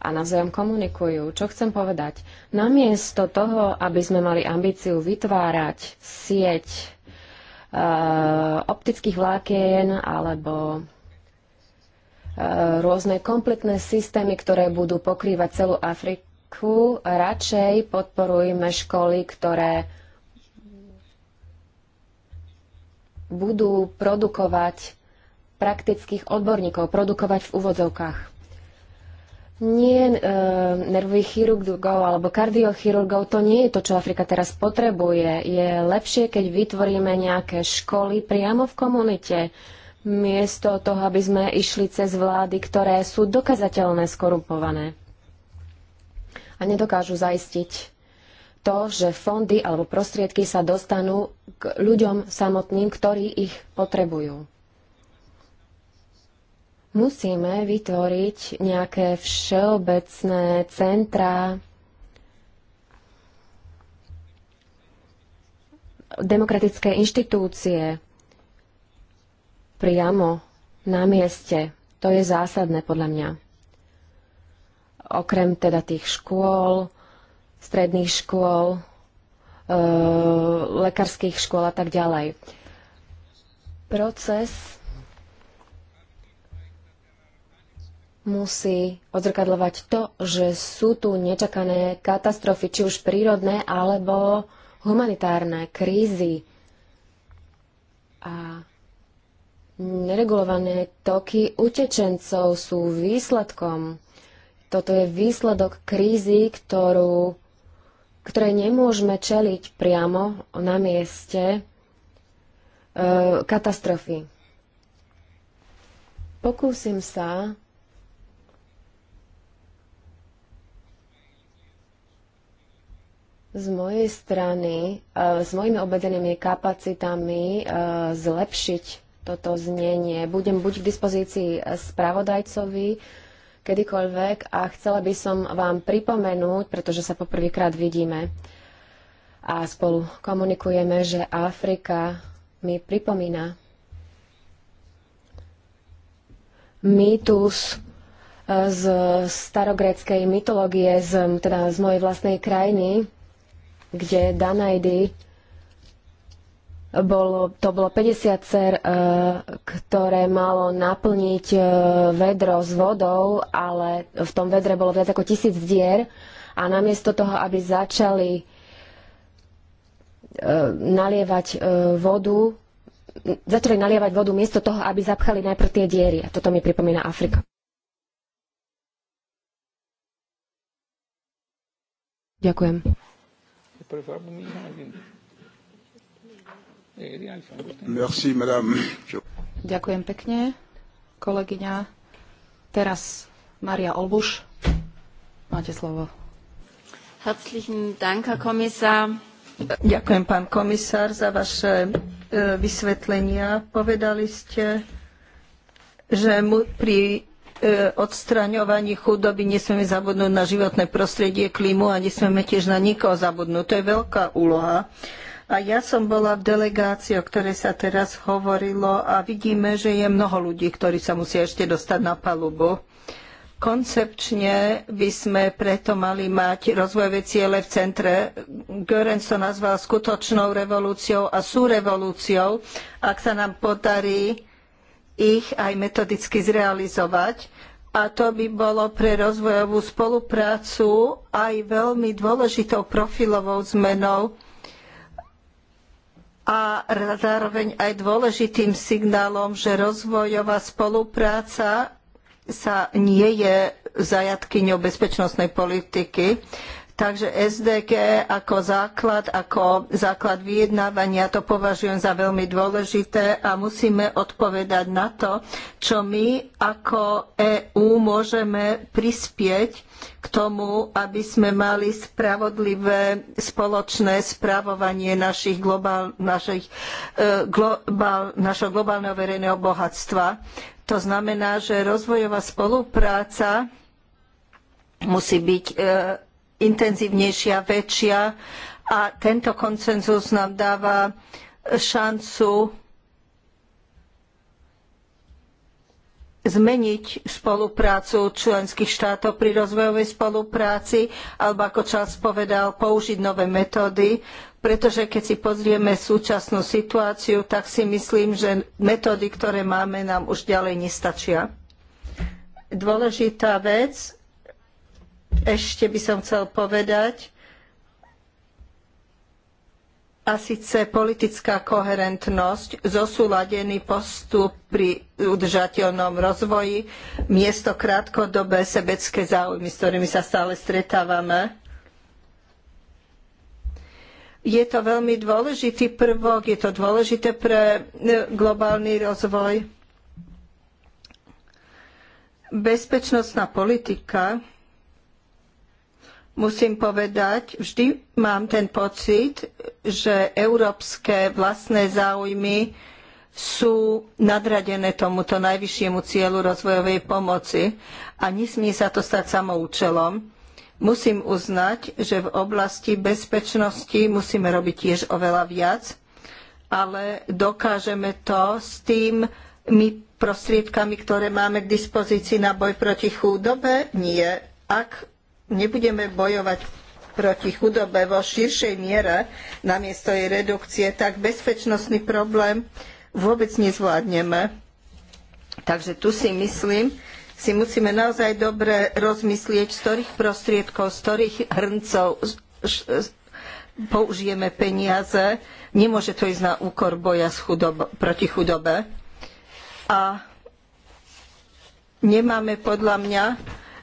a navzájom komunikujú. Čo chcem povedať? Namiesto toho, aby sme mali ambíciu vytvárať sieť e, optických vlákien alebo eh, rôzne kompletné systémy, ktoré budú pokrývať celú Afriku. Radšej podporujme školy, ktoré budú produkovať praktických odborníkov, produkovať v úvodzovkách nie e, nervových chirurgov alebo kardiochirurgov, to nie je to, čo Afrika teraz potrebuje. Je lepšie, keď vytvoríme nejaké školy priamo v komunite, miesto toho, aby sme išli cez vlády, ktoré sú dokazateľné skorumpované a nedokážu zaistiť to, že fondy alebo prostriedky sa dostanú k ľuďom samotným, ktorí ich potrebujú. Musíme vytvoriť nejaké všeobecné centra demokratické inštitúcie priamo na mieste. To je zásadné podľa mňa. Okrem teda tých škôl, stredných škôl, e, lekárskych škôl a tak ďalej. Proces musí odzrkadľovať to, že sú tu nečakané katastrofy, či už prírodné alebo humanitárne krízy a neregulované toky utečencov sú výsledkom. Toto je výsledok krízy, ktorú, ktoré nemôžeme čeliť priamo na mieste e, katastrofy. Pokúsim sa Z mojej strany, e, s mojimi obmedzenými kapacitami e, zlepšiť toto znenie. Budem buď k dispozícii spravodajcovi, kedykoľvek a chcela by som vám pripomenúť, pretože sa poprvýkrát vidíme a spolu komunikujeme, že Afrika mi pripomína mýtus e, z starogréckej mytológie, z, teda z mojej vlastnej krajiny, kde Danajdy bolo, to bolo 50 cer, e, ktoré malo naplniť e, vedro s vodou, ale v tom vedre bolo viac ako tisíc dier a namiesto toho, aby začali e, nalievať vodu, začali nalievať vodu miesto toho, aby zapchali najprv tie diery. A toto mi pripomína Afrika. Ďakujem. Merci, madame. Ďakujem pekne, kolegyňa. Teraz Maria Olbuš. Máte slovo. Herzlichen Dank, Herr Kommissar. Ďakujem, pán komisár, za vaše e, vysvetlenia. Povedali ste, že pri E, odstraňovaní chudoby nesmieme zabudnúť na životné prostredie, klímu a nesmieme tiež na nikoho zabudnúť. To je veľká úloha. A ja som bola v delegácii, o ktorej sa teraz hovorilo a vidíme, že je mnoho ľudí, ktorí sa musia ešte dostať na palubu. Koncepčne by sme preto mali mať rozvojové ciele v centre. Görens to nazval skutočnou revolúciou a sú revolúciou. Ak sa nám podarí ich aj metodicky zrealizovať. A to by bolo pre rozvojovú spoluprácu aj veľmi dôležitou profilovou zmenou a zároveň aj dôležitým signálom, že rozvojová spolupráca sa nie je zajatkyňou bezpečnostnej politiky. Takže SDG ako základ, ako základ vyjednávania to považujem za veľmi dôležité a musíme odpovedať na to, čo my ako EÚ môžeme prispieť k tomu, aby sme mali spravodlivé spoločné spravovanie našich globál, našich, e, globál, našho globálneho verejného bohatstva. To znamená, že rozvojová spolupráca musí byť e, intenzívnejšia, väčšia a tento koncenzus nám dáva šancu zmeniť spoluprácu členských štátov pri rozvojovej spolupráci, alebo ako Charles povedal, použiť nové metódy, pretože keď si pozrieme súčasnú situáciu, tak si myslím, že metódy, ktoré máme, nám už ďalej nestačia. Dôležitá vec ešte by som chcel povedať, a síce politická koherentnosť, zosúladený postup pri udržateľnom rozvoji, miesto krátkodobé sebecké záujmy, s ktorými sa stále stretávame. Je to veľmi dôležitý prvok, je to dôležité pre e, globálny rozvoj. Bezpečnostná politika musím povedať, vždy mám ten pocit, že európske vlastné záujmy sú nadradené tomuto najvyššiemu cieľu rozvojovej pomoci a nesmie sa to stať samoučelom. Musím uznať, že v oblasti bezpečnosti musíme robiť tiež oveľa viac, ale dokážeme to s tými prostriedkami, ktoré máme k dispozícii na boj proti chudobe? Nie. Ak nebudeme bojovať proti chudobe vo širšej miere namiesto jej redukcie, tak bezpečnostný problém vôbec nezvládneme. Takže tu si myslím, si musíme naozaj dobre rozmyslieť, z ktorých prostriedkov, z ktorých hrncov použijeme peniaze. Nemôže to ísť na úkor boja chudob proti chudobe. A nemáme podľa mňa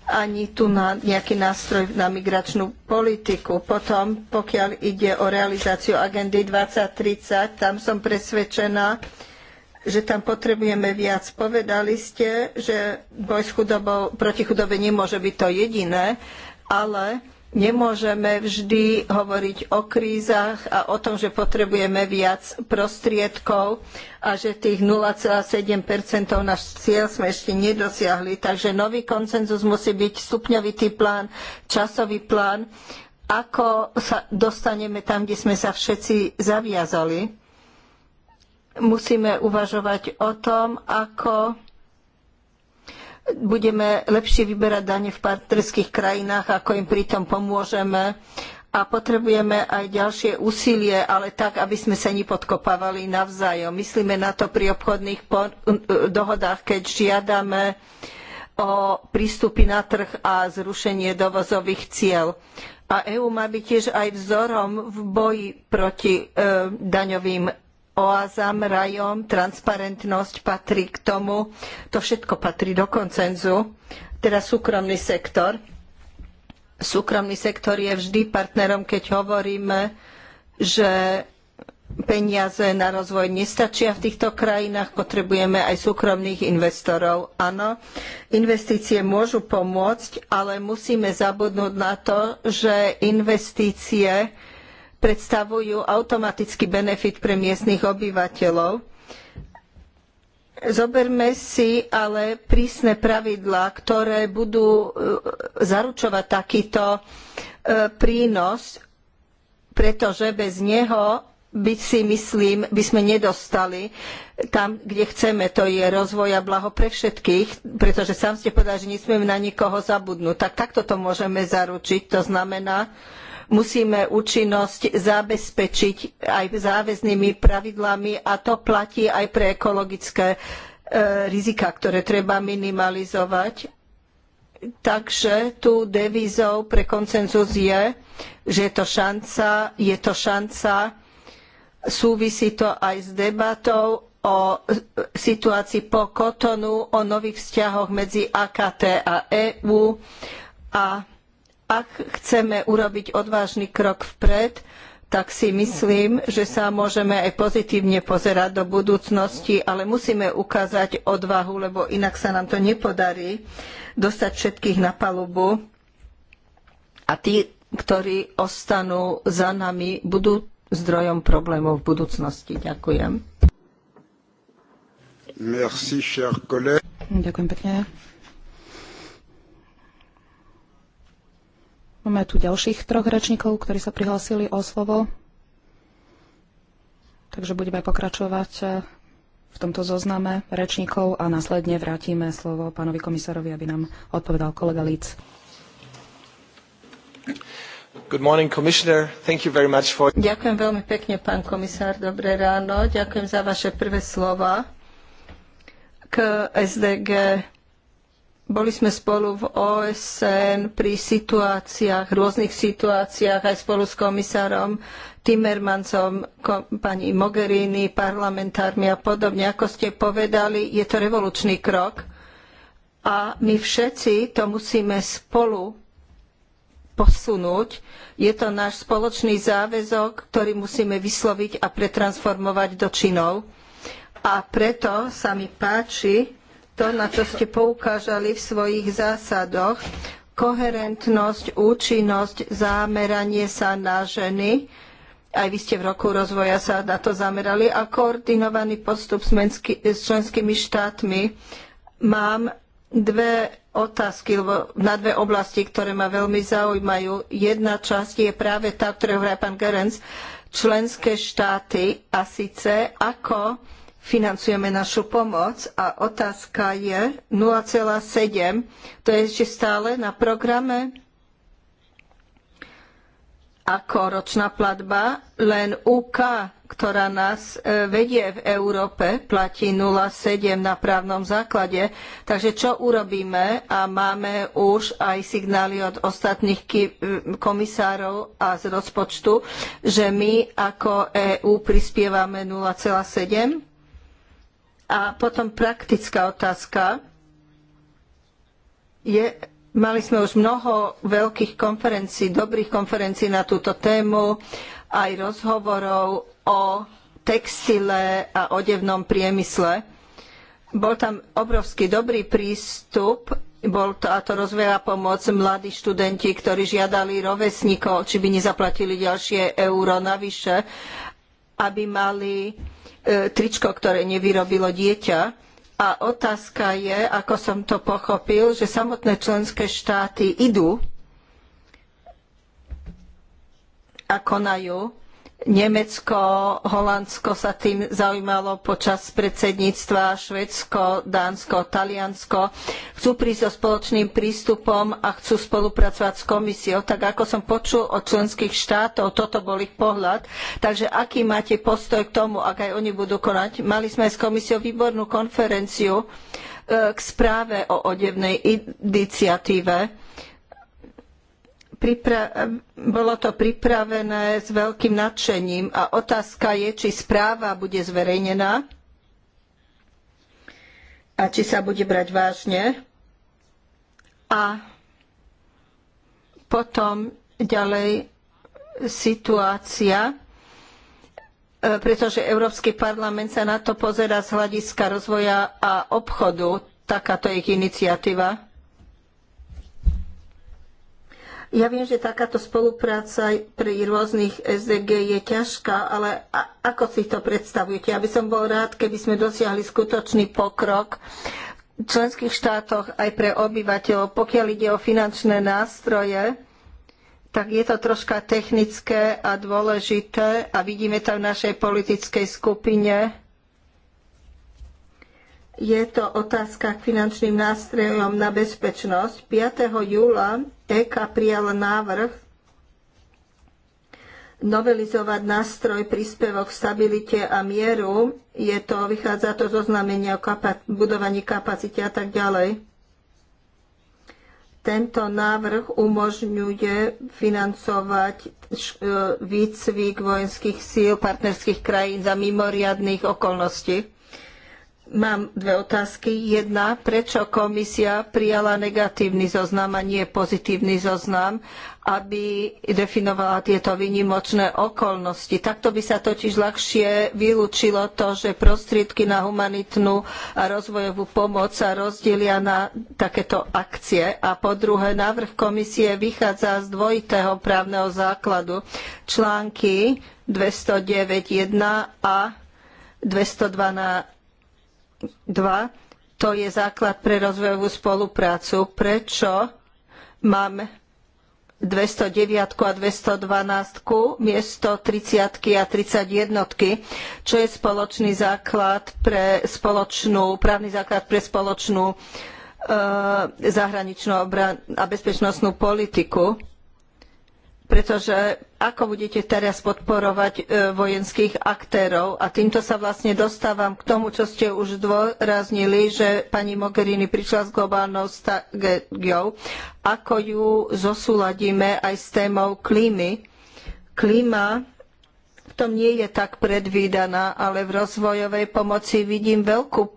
ani tu na nejaký nástroj na migračnú politiku. Potom, pokiaľ ide o realizáciu agendy 2030, tam som presvedčená, že tam potrebujeme viac. Povedali ste, že boj s chudobou, proti chudobe nemôže byť to jediné, ale Nemôžeme vždy hovoriť o krízach a o tom, že potrebujeme viac prostriedkov a že tých 0,7 náš cieľ sme ešte nedosiahli. Takže nový koncenzus musí byť stupňovitý plán, časový plán, ako sa dostaneme tam, kde sme sa všetci zaviazali. Musíme uvažovať o tom, ako budeme lepšie vyberať dane v partnerských krajinách, ako im pritom pomôžeme a potrebujeme aj ďalšie úsilie, ale tak, aby sme sa nepodkopávali navzájom. Myslíme na to pri obchodných dohodách, keď žiadame o prístupy na trh a zrušenie dovozových cieľ. A EÚ má byť tiež aj vzorom v boji proti e, daňovým oázam, rajom, transparentnosť patrí k tomu. To všetko patrí do koncenzu. Teda súkromný sektor. Súkromný sektor je vždy partnerom, keď hovoríme, že peniaze na rozvoj nestačia v týchto krajinách, potrebujeme aj súkromných investorov. Áno, investície môžu pomôcť, ale musíme zabudnúť na to, že investície predstavujú automatický benefit pre miestnych obyvateľov. Zoberme si ale prísne pravidlá, ktoré budú e, zaručovať takýto e, prínos, pretože bez neho by si myslím, by sme nedostali tam, kde chceme, to je rozvoj a blaho pre všetkých, pretože sám ste povedali, že nesmieme na nikoho zabudnúť. Tak takto to môžeme zaručiť. To znamená, musíme účinnosť zabezpečiť aj záväznými pravidlami a to platí aj pre ekologické e, rizika, ktoré treba minimalizovať. Takže tu devízou pre koncenzus je, že je to šanca, je to šanca, súvisí to aj s debatou o situácii po Kotonu, o nových vzťahoch medzi AKT a EÚ a e ak chceme urobiť odvážny krok vpred, tak si myslím, že sa môžeme aj pozitívne pozerať do budúcnosti, ale musíme ukázať odvahu, lebo inak sa nám to nepodarí dostať všetkých na palubu. A tí, ktorí ostanú za nami, budú zdrojom problémov v budúcnosti. Ďakujem. Merci, Ďakujem pekne, Máme tu ďalších troch rečníkov, ktorí sa prihlásili o slovo. Takže budeme pokračovať eh, v tomto zozname rečníkov a následne vrátime slovo pánovi komisárovi, aby nám odpovedal kolega Líc. Morning, for... Ďakujem veľmi pekne, pán komisár. Dobré ráno. Ďakujem za vaše prvé slova k SDG boli sme spolu v OSN pri situáciách, rôznych situáciách, aj spolu s komisárom Timmermansom, pani Mogherini, parlamentármi a podobne. Ako ste povedali, je to revolučný krok a my všetci to musíme spolu posunúť. Je to náš spoločný záväzok, ktorý musíme vysloviť a pretransformovať do činov. A preto sa mi páči, to, na čo ste poukážali v svojich zásadoch, koherentnosť, účinnosť, zameranie sa na ženy, aj vy ste v roku rozvoja sa na to zamerali, a koordinovaný postup s, s členskými štátmi. Mám dve otázky lebo na dve oblasti, ktoré ma veľmi zaujímajú. Jedna časť je práve tá, ktorú hovorí pán Gerenc, členské štáty a síce ako financujeme našu pomoc a otázka je 0,7. To je ešte stále na programe ako ročná platba, len UK, ktorá nás e, vedie v Európe, platí 0,7 na právnom základe. Takže čo urobíme? A máme už aj signály od ostatných komisárov a z rozpočtu, že my ako EÚ prispievame 0,7 a potom praktická otázka. Je, mali sme už mnoho veľkých konferencií, dobrých konferencií na túto tému, aj rozhovorov o textile a odevnom priemysle. Bol tam obrovský dobrý prístup, bol to, a to rozvíja pomoc mladí študenti, ktorí žiadali rovesníkov, či by nezaplatili ďalšie euro navyše, aby mali E, tričko, ktoré nevyrobilo dieťa. A otázka je, ako som to pochopil, že samotné členské štáty idú a konajú Nemecko, Holandsko sa tým zaujímalo počas predsedníctva, Švédsko, Dánsko, Taliansko. Chcú prísť so spoločným prístupom a chcú spolupracovať s komisiou. Tak ako som počul od členských štátov, toto bol ich pohľad. Takže aký máte postoj k tomu, ak aj oni budú konať? Mali sme aj s komisiou výbornú konferenciu e, k správe o odevnej iniciatíve bolo to pripravené s veľkým nadšením a otázka je, či správa bude zverejnená a či sa bude brať vážne. A potom ďalej situácia, e, pretože Európsky parlament sa na to pozerá z hľadiska rozvoja a obchodu, takáto ich iniciatíva. Ja viem, že takáto spolupráca pri rôznych SDG je ťažká, ale ako si to predstavujete? Ja by som bol rád, keby sme dosiahli skutočný pokrok v členských štátoch aj pre obyvateľov. Pokiaľ ide o finančné nástroje, tak je to troška technické a dôležité a vidíme to v našej politickej skupine je to otázka k finančným nástrojom na bezpečnosť. 5. júla EK prijala návrh novelizovať nástroj príspevok stabilite a mieru. Je to, vychádza to zo znamenia o budovaní kapacity a tak ďalej. Tento návrh umožňuje financovať e, výcvik vojenských síl partnerských krajín za mimoriadných okolností Mám dve otázky. Jedna, prečo komisia prijala negatívny zoznam a nie pozitívny zoznam, aby definovala tieto výnimočné okolnosti. Takto by sa totiž ľahšie vylúčilo to, že prostriedky na humanitnú a rozvojovú pomoc sa rozdelia na takéto akcie. A po druhé, návrh komisie vychádza z dvojitého právneho základu články 209.1 a 212 Dva, to je základ pre rozvojovú spoluprácu. Prečo máme 209 a 212 miesto 30 a 31, čo je spoločný základ pre spoločnú, právny základ pre spoločnú e, zahraničnú a bezpečnostnú politiku pretože ako budete teraz podporovať e, vojenských aktérov? A týmto sa vlastne dostávam k tomu, čo ste už zdôraznili, že pani Mogherini prišla s globálnou stratégiou. Ako ju zosúladíme aj s témou klímy? Klíma v tom nie je tak predvídaná, ale v rozvojovej pomoci vidím veľkú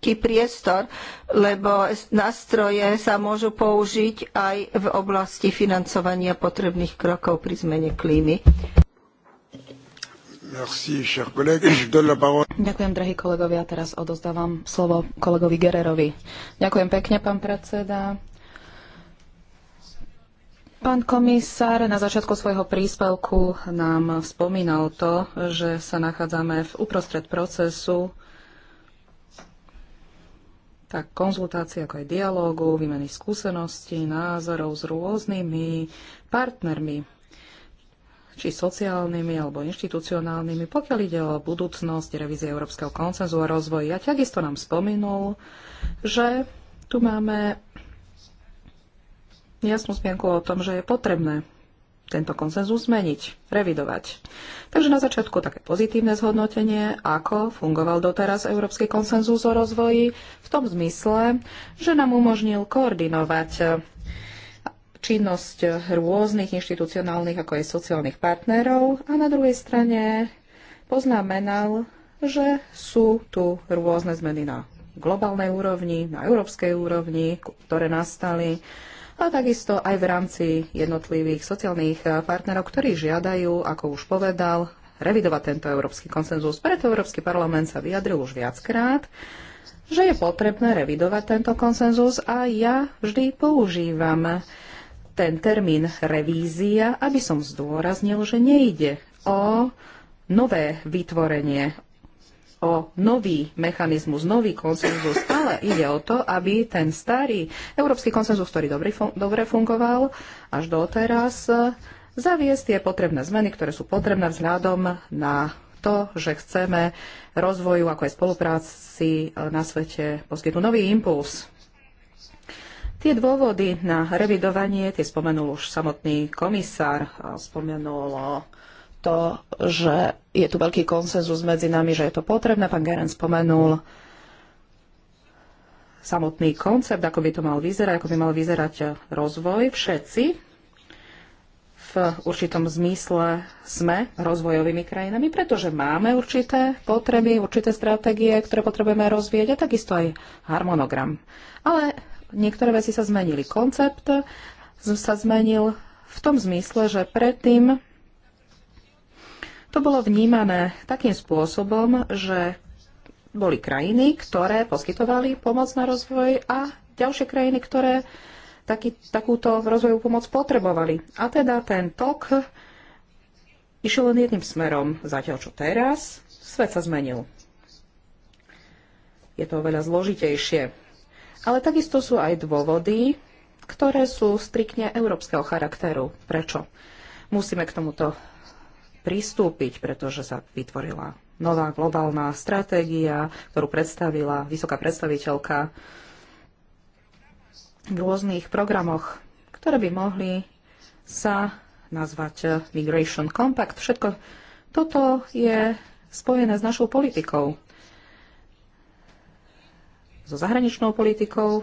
priestor, lebo nástroje sa môžu použiť aj v oblasti financovania potrebných krokov pri zmene klímy. Merci, Ďakujem, drahí kolegovia. Teraz odozdávam slovo kolegovi Gererovi. Ďakujem pekne, pán predseda. Pán komisár na začiatku svojho príspevku nám spomínal to, že sa nachádzame v uprostred procesu tak konzultácie ako aj dialógu, výmeny skúseností, názorov s rôznymi partnermi, či sociálnymi alebo inštitucionálnymi, pokiaľ ide o budúcnosť revízie Európskeho koncenzu a rozvoj. A takisto nám spomenul, že tu máme jasnú zmienku o tom, že je potrebné tento konsenzus zmeniť, revidovať. Takže na začiatku také pozitívne zhodnotenie, ako fungoval doteraz Európsky konsenzus o rozvoji, v tom zmysle, že nám umožnil koordinovať činnosť rôznych inštitucionálnych ako aj sociálnych partnerov a na druhej strane poznamenal, že sú tu rôzne zmeny na globálnej úrovni, na európskej úrovni, ktoré nastali a takisto aj v rámci jednotlivých sociálnych eh, partnerov, ktorí žiadajú, ako už povedal, revidovať tento európsky konsenzus. Preto Európsky parlament sa vyjadril už viackrát, že je potrebné revidovať tento konsenzus a ja vždy používam ten termín revízia, aby som zdôraznil, že nejde o nové vytvorenie, o nový mechanizmus, nový konsenzus, ale ide o to, aby ten starý európsky konsenzus, ktorý dobre, fun dobre fungoval až doteraz, e, zaviesť tie potrebné zmeny, ktoré sú potrebné vzhľadom na to, že chceme rozvoju ako aj spolupráci e, na svete poskytnúť nový impuls. Tie dôvody na revidovanie, tie spomenul už samotný komisár, spomenul e, to, že je tu veľký konsenzus medzi nami, že je to potrebné. Pán Geren spomenul samotný koncept, ako by to mal vyzerať, ako by mal vyzerať rozvoj. Všetci v určitom zmysle sme rozvojovými krajinami, pretože máme určité potreby, určité stratégie, ktoré potrebujeme rozvieť a takisto aj harmonogram. Ale niektoré veci sa zmenili. Koncept sa zmenil v tom zmysle, že predtým to bolo vnímané takým spôsobom, že boli krajiny, ktoré poskytovali pomoc na rozvoj a ďalšie krajiny, ktoré taký, takúto rozvojovú pomoc potrebovali. A teda ten tok išiel len jedným smerom, zatiaľ čo teraz svet sa zmenil. Je to oveľa zložitejšie. Ale takisto sú aj dôvody, ktoré sú striktne európskeho charakteru. Prečo? Musíme k tomuto pristúpiť, pretože sa vytvorila nová globálna stratégia, ktorú predstavila vysoká predstaviteľka v rôznych programoch, ktoré by mohli sa nazvať Migration Compact. Všetko toto je spojené s našou politikou, so zahraničnou politikou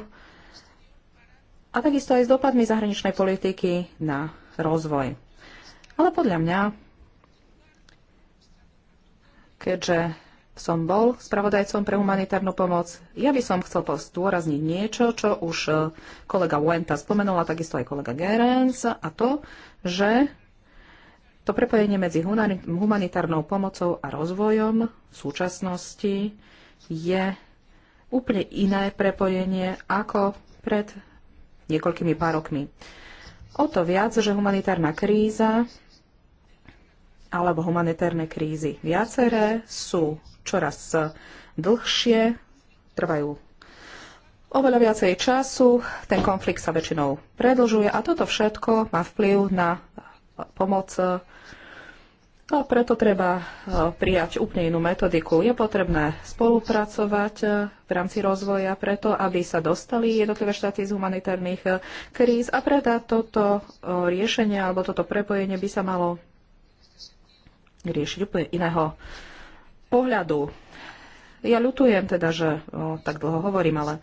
a takisto aj s dopadmi zahraničnej politiky na rozvoj. Ale podľa mňa keďže som bol spravodajcom pre humanitárnu pomoc. Ja by som chcel zdôrazniť niečo, čo už e, kolega Wenta spomenul a takisto aj kolega Gerens a to, že to prepojenie medzi humanitárnou pomocou a rozvojom v súčasnosti je úplne iné prepojenie ako pred niekoľkými pár rokmi. O to viac, že humanitárna kríza alebo humanitárne krízy. Viaceré sú čoraz dlhšie, trvajú oveľa viacej času, ten konflikt sa väčšinou predlžuje a toto všetko má vplyv na pomoc a preto treba e, prijať úplne inú metodiku. Je potrebné spolupracovať e, v rámci rozvoja preto, aby sa dostali jednotlivé štáty z humanitárnych e, kríz a preto toto riešenie alebo toto prepojenie by sa malo riešiť úplne iného pohľadu. Ja ľutujem teda, že o, tak dlho hovorím, ale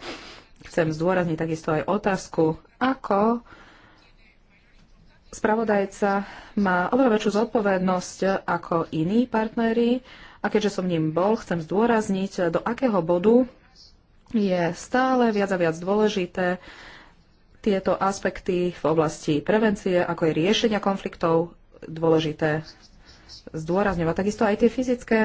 chcem zdôrazniť takisto aj otázku, ako spravodajca má oveľa väčšiu zodpovednosť ako iní partneri a keďže som ním bol, chcem zdôrazniť, do akého bodu je stále viac a viac dôležité tieto aspekty v oblasti prevencie, ako je riešenia konfliktov, dôležité zdôrazňovať. Takisto aj tie fyzické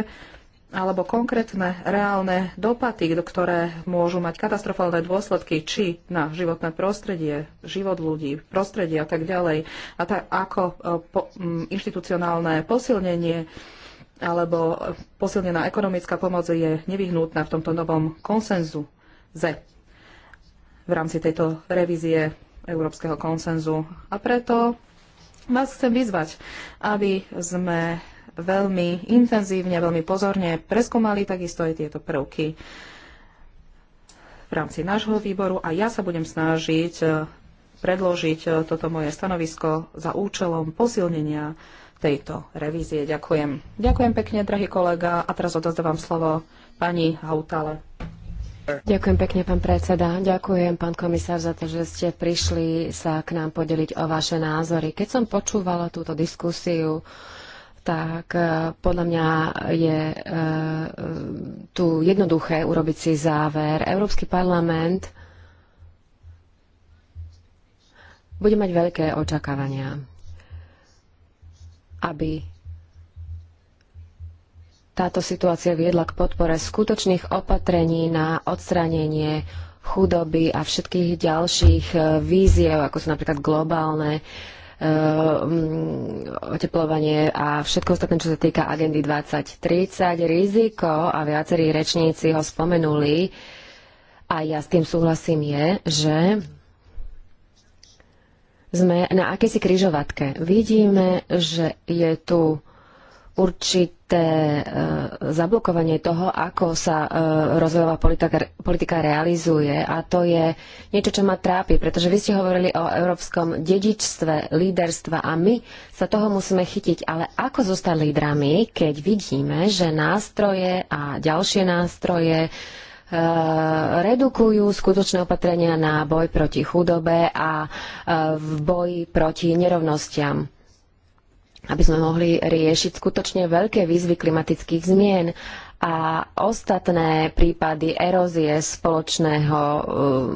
alebo konkrétne reálne dopady, ktoré môžu mať katastrofálne dôsledky či na životné prostredie, život ľudí, prostredie a tak ďalej, a tak ako e, po, m, inštitucionálne posilnenie alebo posilnená ekonomická pomoc je nevyhnutná v tomto novom konsenzu Z v rámci tejto revízie európskeho konsenzu. A preto vás chcem vyzvať, aby sme veľmi intenzívne, veľmi pozorne preskúmali takisto aj tieto prvky v rámci nášho výboru a ja sa budem snažiť e, predložiť e, toto moje stanovisko za účelom posilnenia tejto revízie. Ďakujem. Ďakujem pekne, drahý kolega. A teraz odozdávam slovo pani Hautale. Ďakujem pekne, pán predseda. Ďakujem, pán komisár, za to, že ste prišli sa k nám podeliť o vaše názory. Keď som počúvala túto diskusiu, tak e, podľa mňa je e, tu jednoduché urobiť si záver. Európsky parlament bude mať veľké očakávania, aby táto situácia viedla k podpore skutočných opatrení na odstránenie chudoby a všetkých ďalších e, víziev, ako sú napríklad globálne e, mm, oteplovanie a všetko ostatné, čo sa týka agendy 2030. Riziko, a viacerí rečníci ho spomenuli, a ja s tým súhlasím, je, že sme na akejsi kryžovatke. Vidíme, že je tu určit určité e, zablokovanie toho, ako sa e, rozvojová politika, politika realizuje a to je niečo, čo ma trápi, pretože vy ste hovorili o európskom dedičstve, líderstva a my sa toho musíme chytiť, ale ako zostať lídrami, keď vidíme, že nástroje a ďalšie nástroje e, redukujú skutočné opatrenia na boj proti chudobe a v boji proti nerovnostiam aby sme mohli riešiť skutočne veľké výzvy klimatických zmien a ostatné prípady erózie spoločného,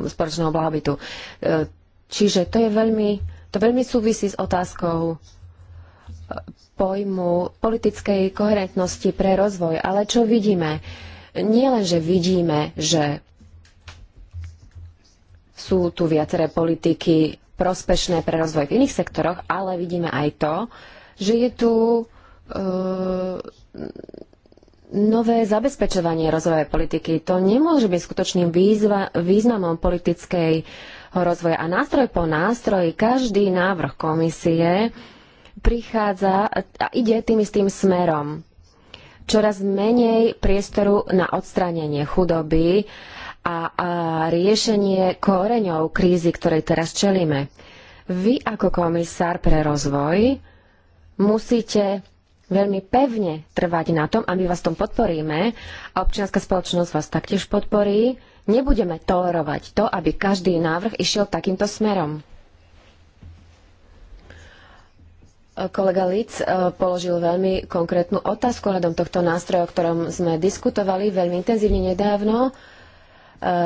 eh, spoločného blahobytu. Eh, čiže to je veľmi, to veľmi súvisí s otázkou eh, pojmu politickej koherentnosti pre rozvoj. Ale čo vidíme? Nie len, že vidíme, že sú tu viaceré politiky prospešné pre rozvoj v iných sektoroch, ale vidíme aj to, že je tu e, nové zabezpečovanie rozvojovej politiky. To nemôže byť skutočným výzva, významom politickej rozvoja. A nástroj po nástroji, každý návrh komisie prichádza a ide tým istým smerom. Čoraz menej priestoru na odstránenie chudoby a, a riešenie koreňov krízy, ktorej teraz čelíme. Vy ako komisár pre rozvoj musíte veľmi pevne trvať na tom a my vás tom podporíme a občianská spoločnosť vás taktiež podporí. Nebudeme tolerovať to, aby každý návrh išiel takýmto smerom. Kolega Lic e, položil veľmi konkrétnu otázku hľadom tohto nástroja, o ktorom sme diskutovali veľmi intenzívne nedávno, e,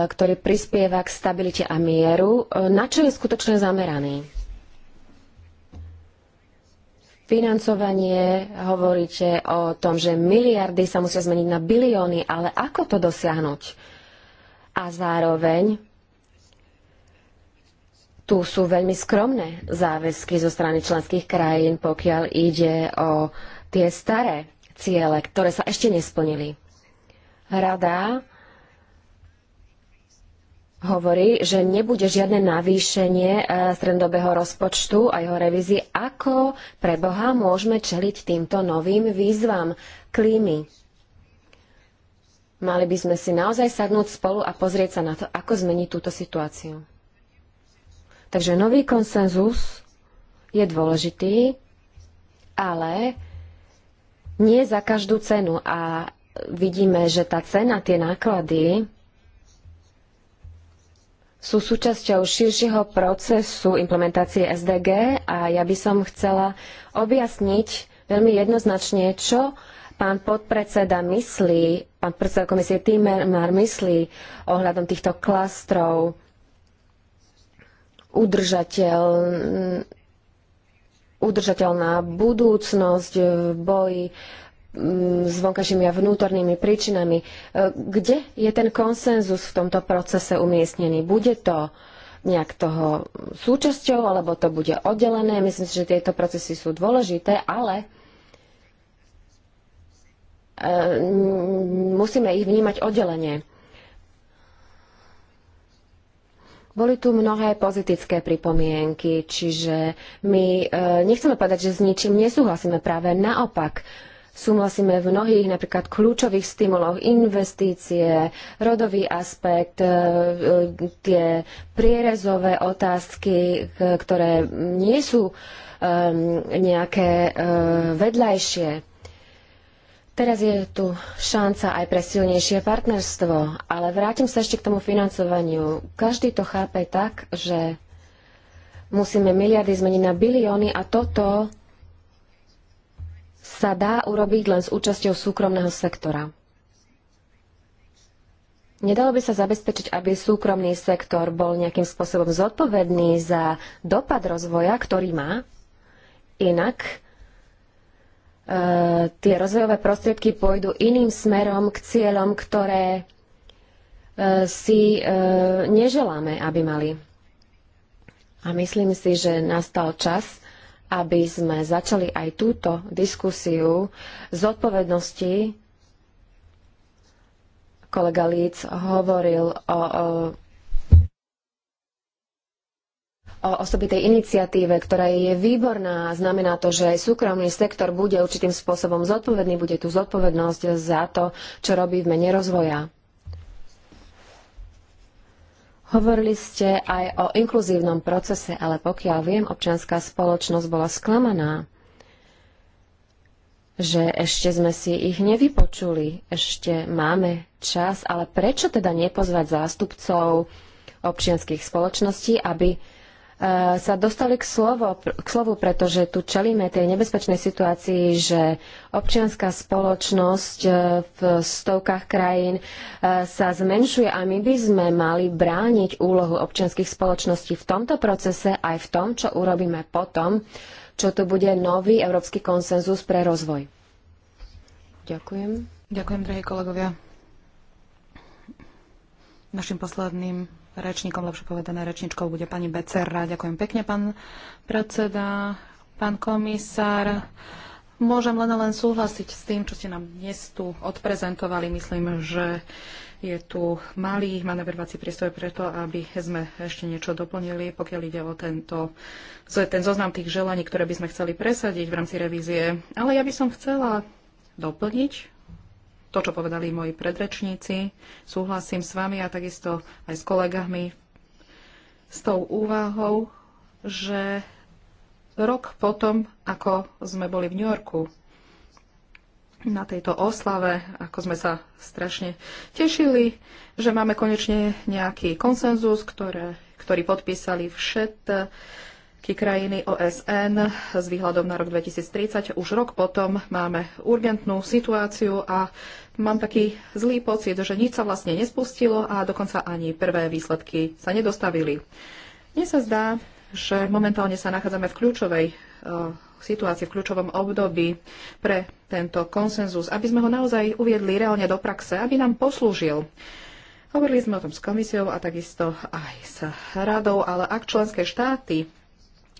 ktorý prispieva k stabilite a mieru. E, na čo je skutočne zameraný? Financovanie, hovoríte o tom, že miliardy sa musia zmeniť na bilióny, ale ako to dosiahnuť? A zároveň tu sú veľmi skromné záväzky zo strany členských krajín, pokiaľ ide o tie staré ciele, ktoré sa ešte nesplnili. Rada hovorí, že nebude žiadne navýšenie e, strendobého rozpočtu a jeho revízii. Ako pre Boha môžeme čeliť týmto novým výzvam klímy? Mali by sme si naozaj sadnúť spolu a pozrieť sa na to, ako zmeniť túto situáciu. Takže nový konsenzus je dôležitý, ale nie za každú cenu. A vidíme, že tá cena, tie náklady sú súčasťou širšieho procesu implementácie SDG a ja by som chcela objasniť veľmi jednoznačne, čo pán podpredseda myslí, pán predseda komisie Timmermar myslí ohľadom týchto klastrov udržateľ, udržateľná budúcnosť v boji Mm, s vonkajšími a vnútornými príčinami. E, kde je ten konsenzus v tomto procese umiestnený? Bude to nejak toho súčasťou, alebo to bude oddelené? Myslím si, že tieto procesy sú dôležité, ale e, musíme ich vnímať oddelenie. Boli tu mnohé pozitické pripomienky, čiže my e, nechceme povedať, že s ničím nesúhlasíme, práve naopak. E, súhlasíme v mnohých napríklad kľúčových stimuloch, investície, rodový aspekt, e, e, tie prierezové otázky, ktoré nie sú nejaké e, vedľajšie. Teraz je tu šanca aj pre silnejšie partnerstvo, ale vrátim sa ešte k tomu financovaniu. Každý to chápe tak, že musíme miliardy zmeniť na bilióny a toto sa dá urobiť len s účasťou súkromného sektora. Nedalo by sa zabezpečiť, aby súkromný sektor bol nejakým spôsobom zodpovedný za dopad rozvoja, ktorý má. Inak e, tie rozvojové prostriedky pôjdu iným smerom k cieľom, ktoré e, si e, neželáme, aby mali. A myslím si, že nastal čas, aby sme začali aj túto diskusiu z odpovednosti. Kolega Líc hovoril o, o, o osobitej iniciatíve, ktorá je výborná. Znamená to, že aj súkromný sektor bude určitým spôsobom zodpovedný, bude tu zodpovednosť za to, čo robí v mene rozvoja. Hovorili ste aj o inkluzívnom procese, ale pokiaľ viem, občianská spoločnosť bola sklamaná, že ešte sme si ich nevypočuli, ešte máme čas, ale prečo teda nepozvať zástupcov občianských spoločností, aby Eh, sa dostali k, slovo, k slovu, pretože tu čelíme tej nebezpečnej situácii, že občianská spoločnosť eh, v stovkách krajín eh, sa zmenšuje a my by sme mali brániť úlohu občianských spoločností v tomto procese aj v tom, čo urobíme potom, čo to bude nový európsky konsenzus pre rozvoj. Ďakujem. Ďakujem, drahí kolegovia. Našim posledným rečníkom, lepšie povedané rečníčkou bude pani Becerra. Ďakujem pekne, pán predseda, pán komisár. Môžem len len súhlasiť s tým, čo ste nám dnes tu odprezentovali. Myslím, že je tu malý manevrovací priestor preto, aby sme ešte niečo doplnili, pokiaľ ide o tento, ten zoznam tých želaní, ktoré by sme chceli presadiť v rámci revízie. Ale ja by som chcela doplniť to, čo povedali moji predrečníci. Súhlasím s vami a takisto aj s kolegami s tou úvahou, že rok potom, ako sme boli v New Yorku na tejto oslave, ako sme sa strašne tešili, že máme konečne nejaký konsenzus, ktoré, ktorý podpísali všet, krajiny OSN s výhľadom na rok 2030. Už rok potom máme urgentnú situáciu a mám taký zlý pocit, že nič sa vlastne nespustilo a dokonca ani prvé výsledky sa nedostavili. Mne sa zdá, že momentálne sa nachádzame v kľúčovej eh, situácii, v kľúčovom období pre tento konsenzus, aby sme ho naozaj uviedli reálne do praxe, aby nám poslúžil. Hovorili sme o tom s komisiou a takisto aj s radou, ale ak členské štáty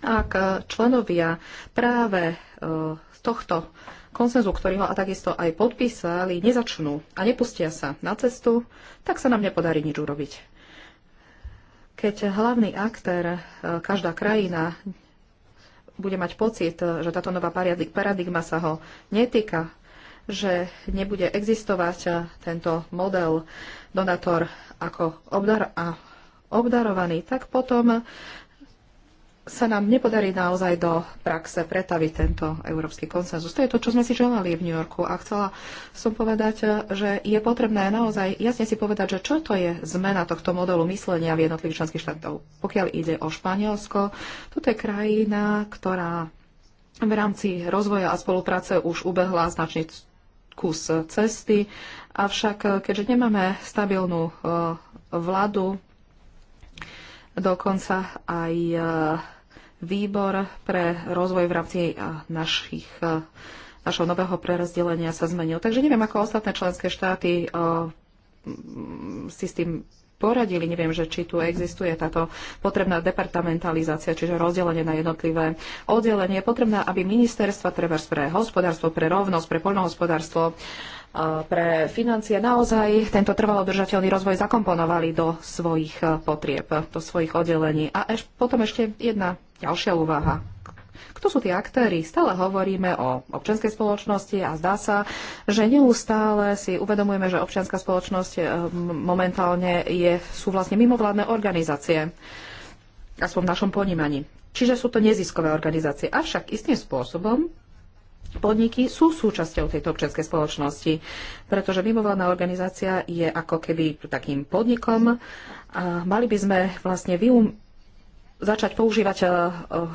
ak e, členovia práve e, z tohto konsenzu, ktorý ho a takisto aj podpísali, nezačnú a nepustia sa na cestu, tak sa nám nepodarí nič urobiť. Keď hlavný aktér, e, každá krajina bude mať pocit, že táto nová paradigma sa ho netýka, že nebude existovať tento model donátor ako obdar a obdarovaný, tak potom sa nám nepodarí naozaj do praxe pretaviť tento európsky konsenzus. To je to, čo sme si želali v New Yorku a chcela som povedať, že je potrebné naozaj jasne si povedať, že čo to je zmena tohto modelu myslenia v jednotlivých členských štátov. Pokiaľ ide o Španielsko, toto je krajina, ktorá v rámci rozvoja a spolupráce už ubehla značný kus cesty, avšak keďže nemáme stabilnú eh, vládu, dokonca aj e, výbor pre rozvoj v rámci e, našich e, našho nového prerozdelenia sa zmenil. Takže neviem, ako ostatné členské štáty o, si s tým poradili. Neviem, že či tu existuje táto potrebná departamentalizácia, čiže rozdelenie na jednotlivé oddelenie. Je potrebné, aby ministerstva, treba pre hospodárstvo, pre rovnosť, pre poľnohospodárstvo, pre financie naozaj tento trvalo držateľný rozvoj zakomponovali do svojich e, potrieb, do svojich oddelení. A eš, potom ešte jedna ďalšia úvaha. Kto sú tí aktéry? Stále hovoríme o občianskej spoločnosti a zdá sa, že neustále si uvedomujeme, že občianská spoločnosť e, momentálne je, sú vlastne mimovládne organizácie, aspoň v našom ponímaní. Čiže sú to neziskové organizácie. Avšak istým spôsobom podniky sú súčasťou tejto občianskej spoločnosti, pretože mimovládna organizácia je ako keby takým podnikom a mali by sme vlastne začať používať e, e,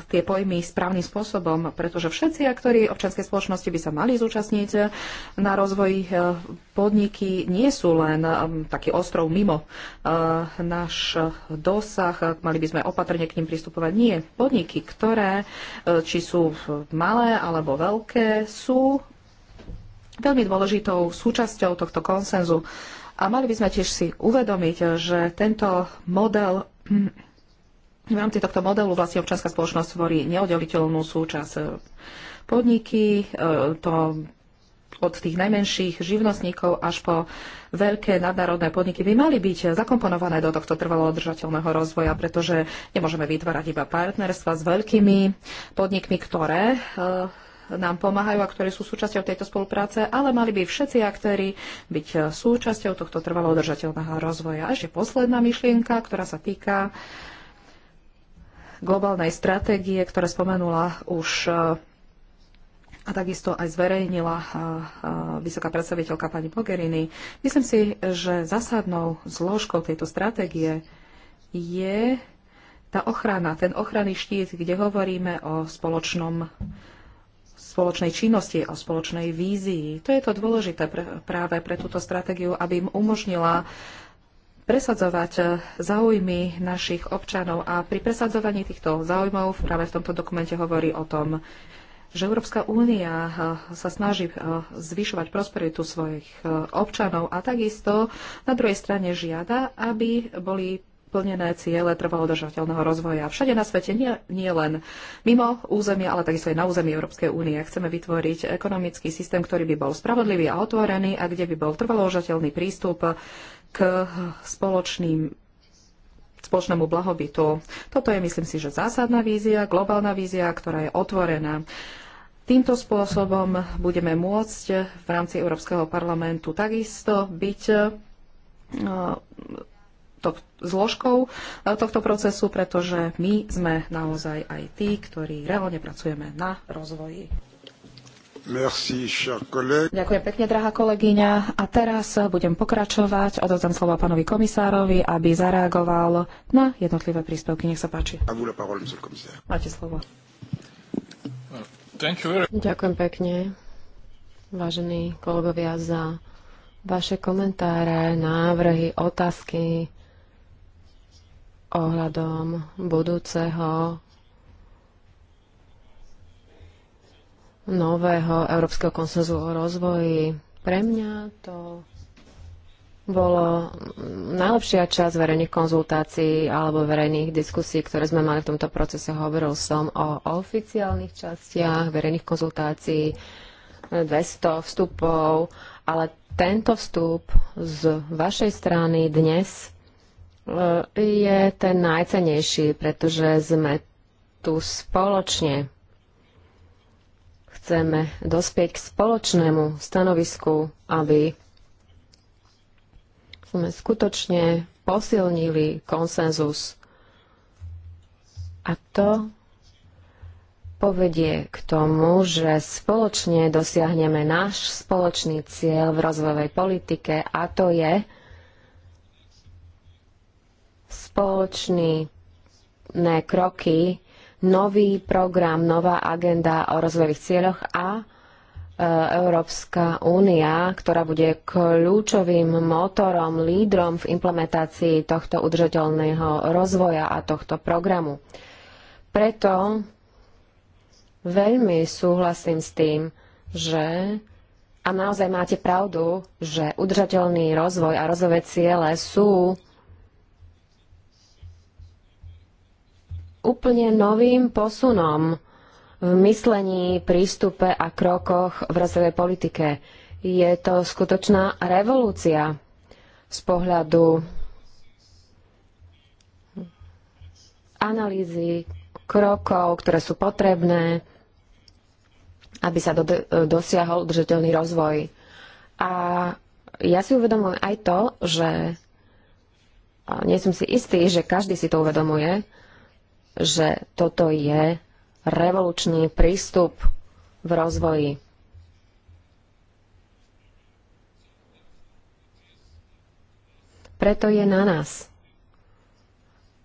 tie pojmy správnym spôsobom, pretože všetci aktori občianskej spoločnosti by sa mali zúčastniť na rozvoji. E, podniky nie sú len taký ostrov mimo náš dosah, mali by sme opatrne k ním pristupovať. Nie, podniky, ktoré či sú malé alebo veľké, sú veľmi dôležitou súčasťou tohto konsenzu. A mali by sme tiež si uvedomiť, že tento model v rámci tohto modelu vlastne občianská spoločnosť tvorí neoddeliteľnú súčasť e, podniky, e, to od tých najmenších živnostníkov až po veľké nadnárodné podniky by mali byť zakomponované do tohto trvalo udržateľného rozvoja, pretože nemôžeme vytvárať iba partnerstva s veľkými podnikmi, ktoré e, nám pomáhajú a ktorí sú súčasťou tejto spolupráce, ale mali by všetci aktéry byť súčasťou tohto trvalo udržateľného rozvoja. A ešte posledná myšlienka, ktorá sa týka uh, globálnej stratégie, ktoré spomenula už e, a takisto aj zverejnila e, e, vysoká predstaviteľka pani Mogherini. Myslím si, že zásadnou zložkou tejto stratégie je tá ochrana, ten ochranný štít, kde hovoríme o spoločnom spoločnej činnosti, o spoločnej vízii. To je to dôležité pr- práve pre túto stratégiu, aby im umožnila presadzovať eh, záujmy našich občanov. A pri presadzovaní týchto záujmov práve v tomto dokumente hovorí o tom, že Európska únia eh, sa snaží eh, zvyšovať prosperitu svojich občanov a takisto na druhej strane žiada, aby boli plnené ciele trvalo držateľného rozvoja. Všade na svete, nie, nie len mimo územia, ale takisto aj na území Európskej únie. Chceme vytvoriť ekonomický systém, ktorý by bol spravodlivý a otvorený a kde by bol trvalodržateľný prístup k spoločným spoločnému blahobytu. Toto je, myslím si, že zásadná vízia, globálna vízia, ktorá je otvorená. Týmto spôsobom budeme môcť v rámci Európskeho parlamentu takisto byť e, to, zložkou e, tohto procesu, pretože my sme naozaj aj tí, ktorí reálne pracujeme na rozvoji. Merci, Ďakujem pekne, drahá kolegyňa. A teraz budem pokračovať. Odozdám slovo pánovi komisárovi, aby zareagoval na jednotlivé príspevky. Nech sa páči. Parole, Máte slovo. Ďakujem pekne, vážení kolegovia, za vaše komentáre, návrhy, otázky ohľadom budúceho nového Európskeho konsenzu o rozvoji. Pre mňa to bolo najlepšia časť verejných konzultácií alebo verejných diskusí, ktoré sme mali v tomto procese. Hovoril som o oficiálnych častiach verejných konzultácií, 200 vstupov, ale tento vstup z vašej strany dnes e, je ten najcenejší, pretože sme tu spoločne chceme dospieť k spoločnému stanovisku, aby sme skutočne posilnili konsenzus. A to povedie k tomu, že spoločne dosiahneme náš spoločný cieľ v rozvojovej politike a to je spoločné kroky nový program, nová agenda o rozvojových cieľoch a e, Európska únia, ktorá bude kľúčovým motorom, lídrom v implementácii tohto udržateľného rozvoja a tohto programu. Preto veľmi súhlasím s tým, že a naozaj máte pravdu, že udržateľný rozvoj a rozvojové ciele sú úplne novým posunom v myslení, prístupe a krokoch v razovej politike. Je to skutočná revolúcia z pohľadu analýzy krokov, ktoré sú potrebné, aby sa do, dosiahol udržateľný rozvoj. A ja si uvedomujem aj to, že nie som si istý, že každý si to uvedomuje, že toto je revolučný prístup v rozvoji. Preto je na nás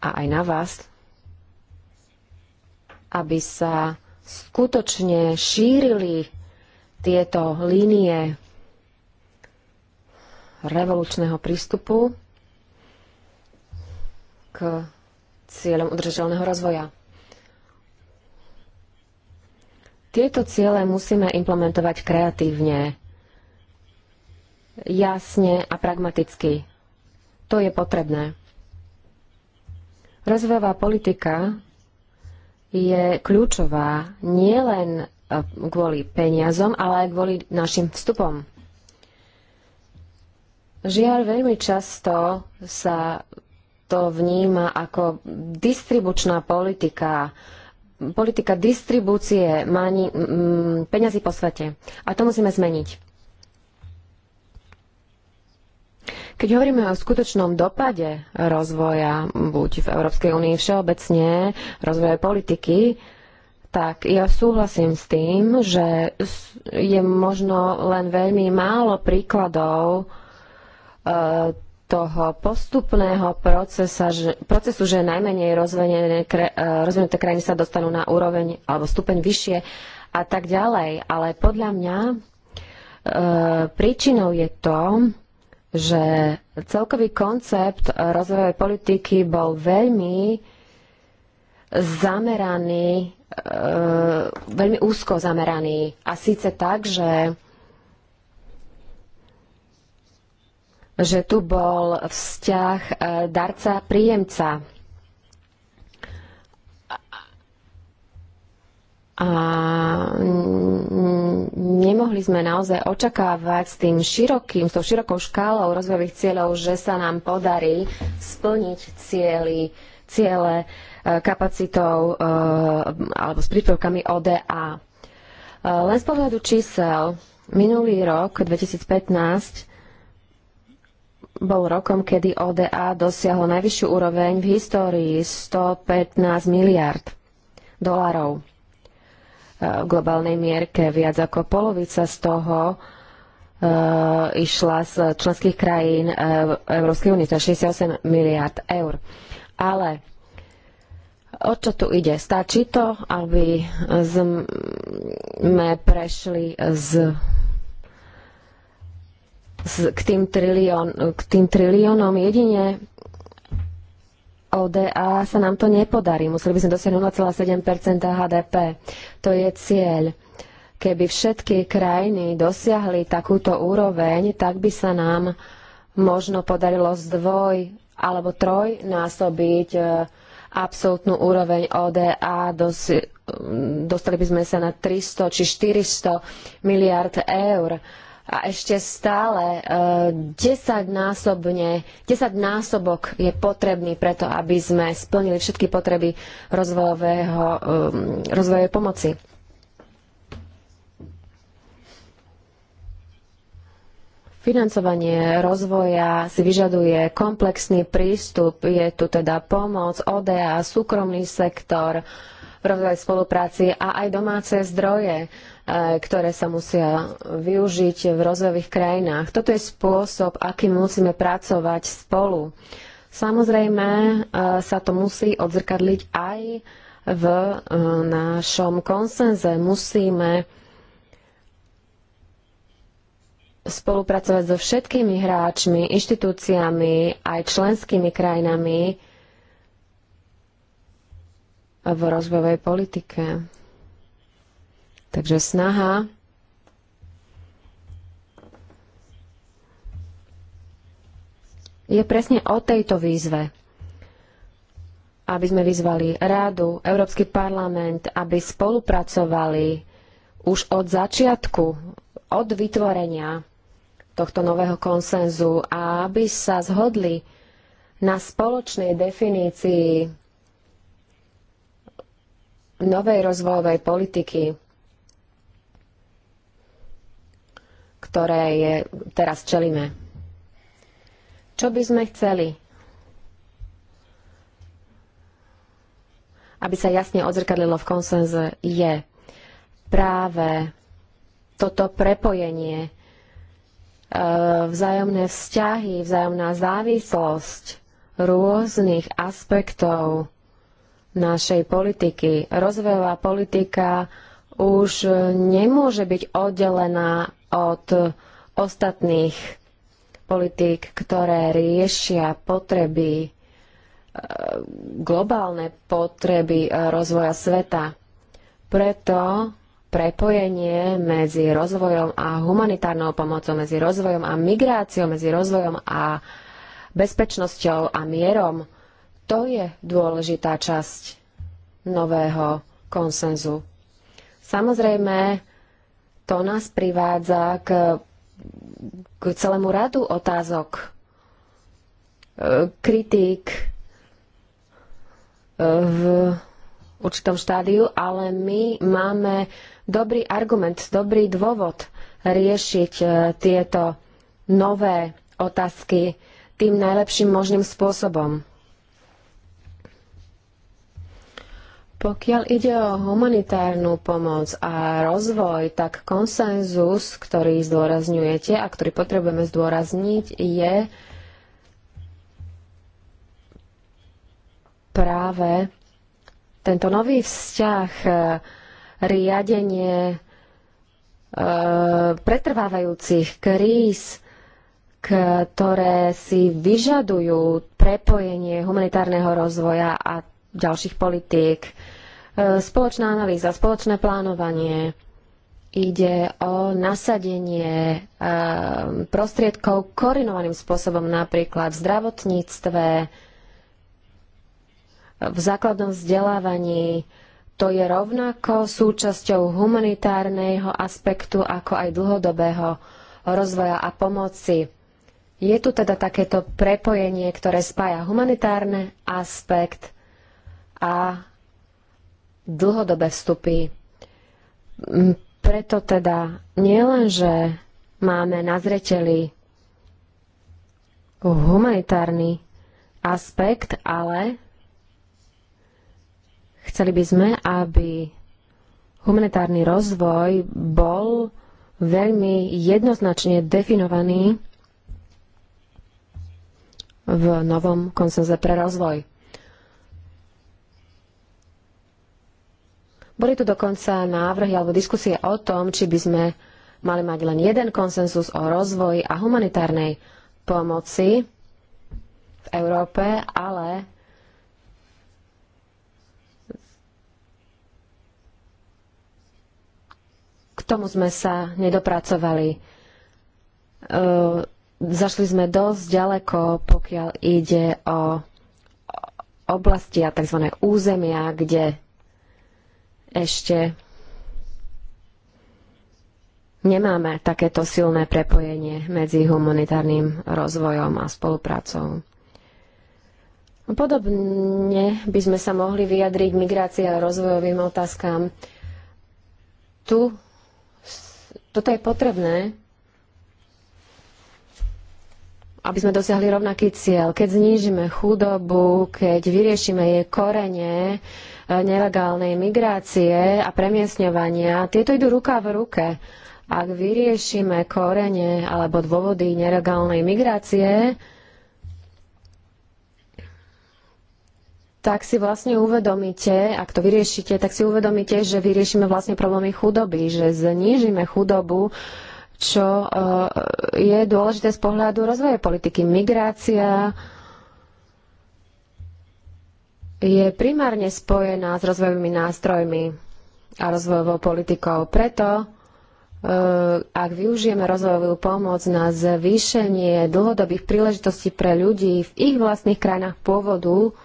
a aj na vás, aby sa skutočne šírili tieto línie revolučného prístupu k cieľom udržateľného rozvoja. Tieto ciele musíme implementovať kreatívne, jasne a pragmaticky. To je potrebné. Rozvojová politika je kľúčová nielen e, kvôli peniazom, ale aj kvôli našim vstupom. Žiaľ, veľmi často sa to vníma ako distribučná politika, politika distribúcie mani, mm, peňazí po svete. A to musíme zmeniť. Keď hovoríme o skutočnom dopade rozvoja, buď v Európskej únii všeobecne, rozvoja politiky, tak ja súhlasím s tým, že je možno len veľmi málo príkladov e, toho postupného procesa, že, procesu, že najmenej e, rozvinuté krajiny sa dostanú na úroveň alebo stupeň vyššie a tak ďalej. Ale podľa mňa e, príčinou je to, že celkový koncept rozvojovej politiky bol veľmi zameraný, e, veľmi úzko zameraný. A síce tak, že že tu bol vzťah e, darca-príjemca. A nemohli sme naozaj očakávať s tým širokým, s tou širokou škálou rozvojových cieľov, že sa nám podarí splniť cieľy, ciele e, kapacitou e, alebo s príspevkami ODA. Len z pohľadu čísel, minulý rok 2015 bol rokom, kedy ODA dosiahlo najvyššiu úroveň v histórii 115 miliard dolarov. E, v globálnej mierke viac ako polovica z toho e, išla z členských krajín e, Európskej únie, to je 68 miliard eur. Ale o čo tu ide? Stačí to, aby sme prešli z k tým, trilión, k tým triliónom jedine ODA sa nám to nepodarí. Museli by sme dosiahnuť 0,7 HDP. To je cieľ. Keby všetky krajiny dosiahli takúto úroveň, tak by sa nám možno podarilo zdvoj alebo trojnásobiť e, absolútnu úroveň ODA. Dosi- dostali by sme sa na 300 či 400 miliard eur a ešte stále 10 eh, násobne, 10 násobok je potrebný preto, aby sme splnili všetky potreby rozvojového, eh, rozvojovej pomoci. Financovanie rozvoja si vyžaduje komplexný prístup. Je tu teda pomoc ODA, súkromný sektor, rozvoj spolupráci a aj domáce zdroje. Uh, Eh, ktoré sa musia využiť v rozvojových krajinách. Toto je spôsob, akým musíme pracovať spolu. Samozrejme eh, sa to musí odzrkadliť aj v eh, našom konsenze. Musíme spolupracovať so všetkými hráčmi, inštitúciami, aj členskými krajinami v rozvojovej politike. Takže snaha je presne o tejto výzve. Aby sme vyzvali Rádu, Európsky parlament, aby spolupracovali už od začiatku, od vytvorenia tohto nového konsenzu a aby sa zhodli na spoločnej definícii novej rozvojovej politiky ktoré je, teraz čelíme. Čo by sme chceli? Aby sa jasne odzrkadlilo v konsenze je práve toto prepojenie, e, vzájomné vzťahy, vzájomná závislosť rôznych aspektov našej politiky. Rozvojová politika už nemôže byť oddelená od ostatných politík, ktoré riešia potreby, e, globálne potreby e, rozvoja sveta. Preto prepojenie medzi rozvojom a humanitárnou pomocou, medzi rozvojom a migráciou, medzi rozvojom a bezpečnosťou a mierom, to je dôležitá časť nového konsenzu. Samozrejme, to nás privádza k, k celému radu otázok, e, kritík e, v určitom štádiu, ale my máme dobrý argument, dobrý dôvod riešiť e, tieto nové otázky tým najlepším možným spôsobom. Pokiaľ ide o humanitárnu pomoc a rozvoj, tak konsenzus, ktorý zdôrazňujete a ktorý potrebujeme zdôrazniť, je práve tento nový vzťah, e, riadenie e, pretrvávajúcich kríz, ktoré si vyžadujú prepojenie humanitárneho rozvoja a ďalších politík Spoločná analýza, spoločné plánovanie, ide o nasadenie eh, prostriedkov koordinovaným spôsobom napríklad v zdravotníctve, v základnom vzdelávaní. To je rovnako súčasťou humanitárneho aspektu ako aj dlhodobého rozvoja a pomoci. Je tu teda takéto prepojenie, ktoré spája humanitárny aspekt a dlhodobé vstupy. Preto teda nielen, že máme na zreteli humanitárny aspekt, ale chceli by sme, aby humanitárny rozvoj bol veľmi jednoznačne definovaný v novom konsenze pre rozvoj. Boli tu dokonca návrhy alebo diskusie o tom, či by sme mali mať len jeden konsensus o rozvoji a humanitárnej pomoci v Európe, ale k tomu sme sa nedopracovali. E, zašli sme dosť ďaleko, pokiaľ ide o oblasti a tzv. územia, kde ešte nemáme takéto silné prepojenie medzi humanitárnym rozvojom a spoluprácou. Podobne by sme sa mohli vyjadriť migrácii a rozvojovým otázkam. Tu toto je potrebné, aby sme dosiahli rovnaký cieľ. Keď znížime chudobu, keď vyriešime jej korene, E, nelegálnej migrácie a premiesňovania, tieto idú ruka v ruke. Ak vyriešime korene alebo dôvody nelegálnej migrácie, tak si vlastne uvedomíte, ak to vyriešite, tak si uvedomíte, že vyriešime vlastne problémy chudoby, že znížime chudobu, čo e, je dôležité z pohľadu rozvoja politiky. Migrácia, je primárne spojená s rozvojovými nástrojmi a rozvojovou politikou. Preto e, ak využijeme rozvojovú pomoc na zvýšenie dlhodobých príležitostí pre ľudí v ich vlastných krajinách pôvodu,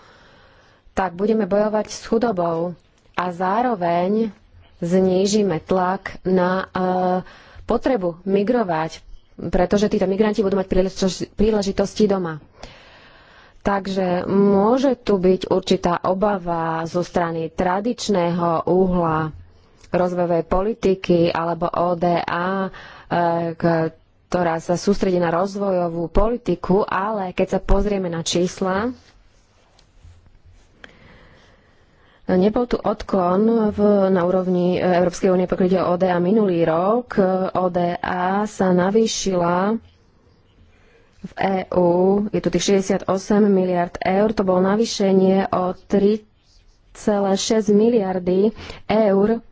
tak budeme bojovať s chudobou a zároveň znížime tlak na e, potrebu migrovať, pretože títo migranti budú mať príležitosti doma. Takže môže tu byť určitá obava zo strany tradičného uhla rozvojovej politiky alebo ODA, e, ktorá sa sústredí na rozvojovú politiku, ale keď sa pozrieme na čísla, Nebol tu odklon v, na úrovni Európskej únie, pokiaľ ODA minulý rok. ODA sa navýšila v EÚ je tu tých 68 miliard eur, to bolo navýšenie o 3,6 miliardy eur.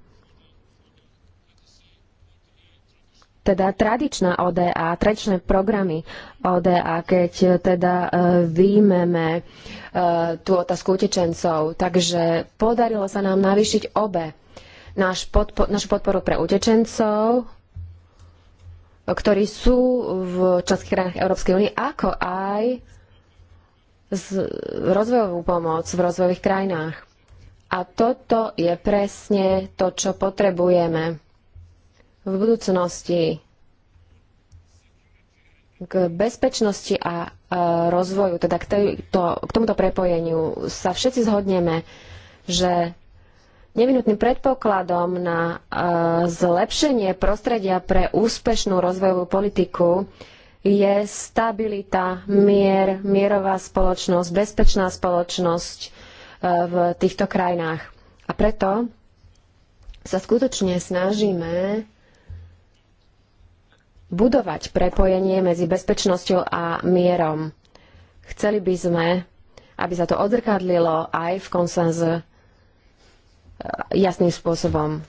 Teda tradičná ODA, tradičné programy ODA, keď e, teda e, výjmeme e, tú otázku utečencov. Takže podarilo sa nám navýšiť obe. Náš podpo- našu podporu pre utečencov ktorí sú v členských krajinách Európskej únie, ako aj z rozvojovú pomoc v rozvojových krajinách. A toto je presne to, čo potrebujeme v budúcnosti k bezpečnosti a e, rozvoju, teda k, tejto, k tomuto prepojeniu sa všetci zhodneme, že Nevinutným predpokladom na eh, zlepšenie prostredia pre úspešnú rozvojovú politiku je stabilita, mier, mierová spoločnosť, bezpečná spoločnosť eh, v týchto krajinách. A preto sa skutočne snažíme budovať prepojenie medzi bezpečnosťou a mierom. Chceli by sme, aby sa to odzrkadlilo aj v konsenze jasným spôsobom.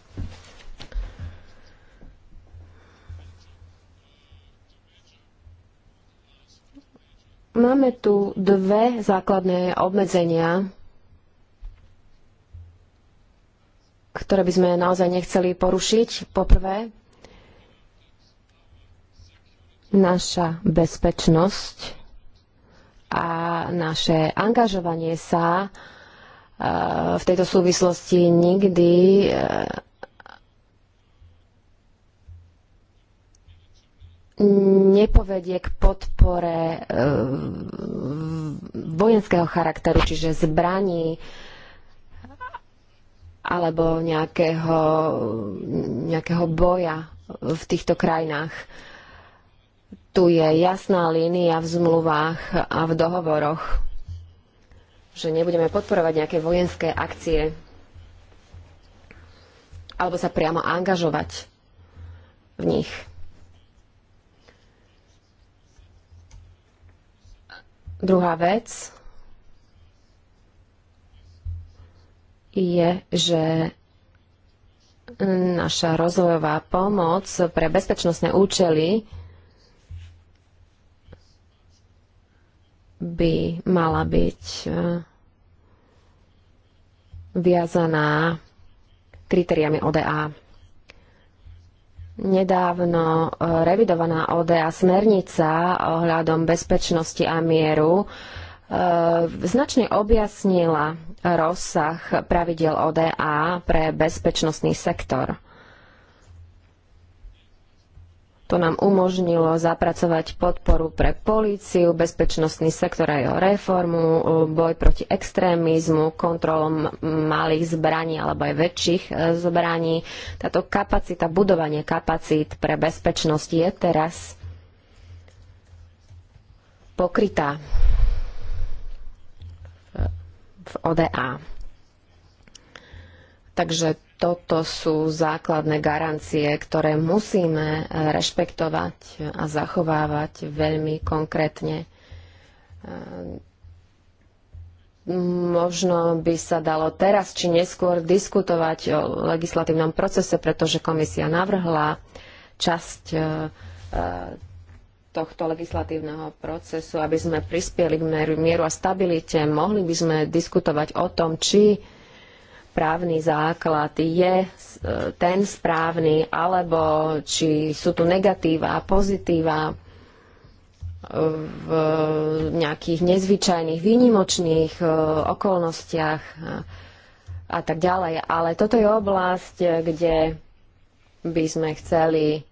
Máme tu dve základné obmedzenia, ktoré by sme naozaj nechceli porušiť. Poprvé, naša bezpečnosť a naše angažovanie sa v tejto súvislosti nikdy eh, nepovedie k podpore eh, vojenského charakteru, čiže zbraní alebo nejakého, nejakého boja v týchto krajinách. Tu je jasná línia v zmluvách a v dohovoroch že nebudeme podporovať nejaké vojenské akcie alebo sa priamo angažovať v nich. Druhá vec je, že naša rozvojová pomoc pre bezpečnostné účely by mala byť eh, viazaná kritériami ODA. Nedávno e, revidovaná ODA smernica ohľadom bezpečnosti a mieru e, značne objasnila rozsah pravidel ODA pre bezpečnostný sektor. To nám umožnilo zapracovať podporu pre políciu, bezpečnostný sektor a jeho reformu, e, boj proti extrémizmu, kontrolom malých zbraní alebo aj väčších e, zbraní. Táto kapacita, budovanie kapacít pre bezpečnosť je teraz pokrytá v ODA. Takže toto sú základné garancie, ktoré musíme eh, rešpektovať a zachovávať veľmi konkrétne. Eh, možno by sa dalo teraz či neskôr diskutovať o legislatívnom procese, pretože komisia navrhla časť eh, tohto legislatívneho procesu, aby sme prispieli k mieru a stabilite. Mohli by sme diskutovať o tom, či právny základ je e, ten správny, alebo či sú tu negatíva a pozitíva e, v nejakých nezvyčajných, výnimočných e, okolnostiach a tak ďalej. Ale toto je oblasť, kde by sme chceli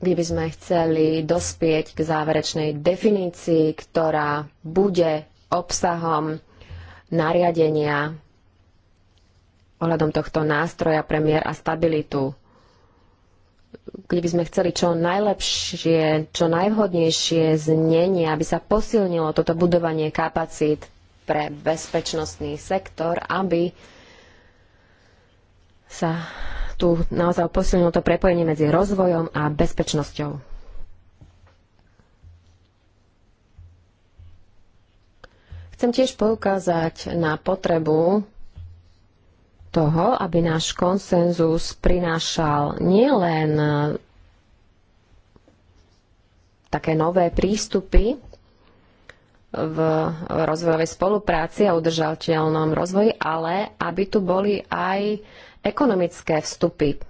kde by sme chceli dospieť k záverečnej definícii, ktorá bude obsahom nariadenia ohľadom tohto nástroja pre mier a stabilitu, Keby by sme chceli čo najlepšie, čo najvhodnejšie znenie, aby sa posilnilo toto budovanie kapacít pre bezpečnostný sektor, aby sa tu naozaj posilnilo to prepojenie medzi rozvojom a bezpečnosťou. Chcem tiež poukázať na potrebu toho, aby náš konsenzus prinášal nielen také nové prístupy v rozvojovej spolupráci a udržateľnom rozvoji, ale aby tu boli aj ekonomické vstupy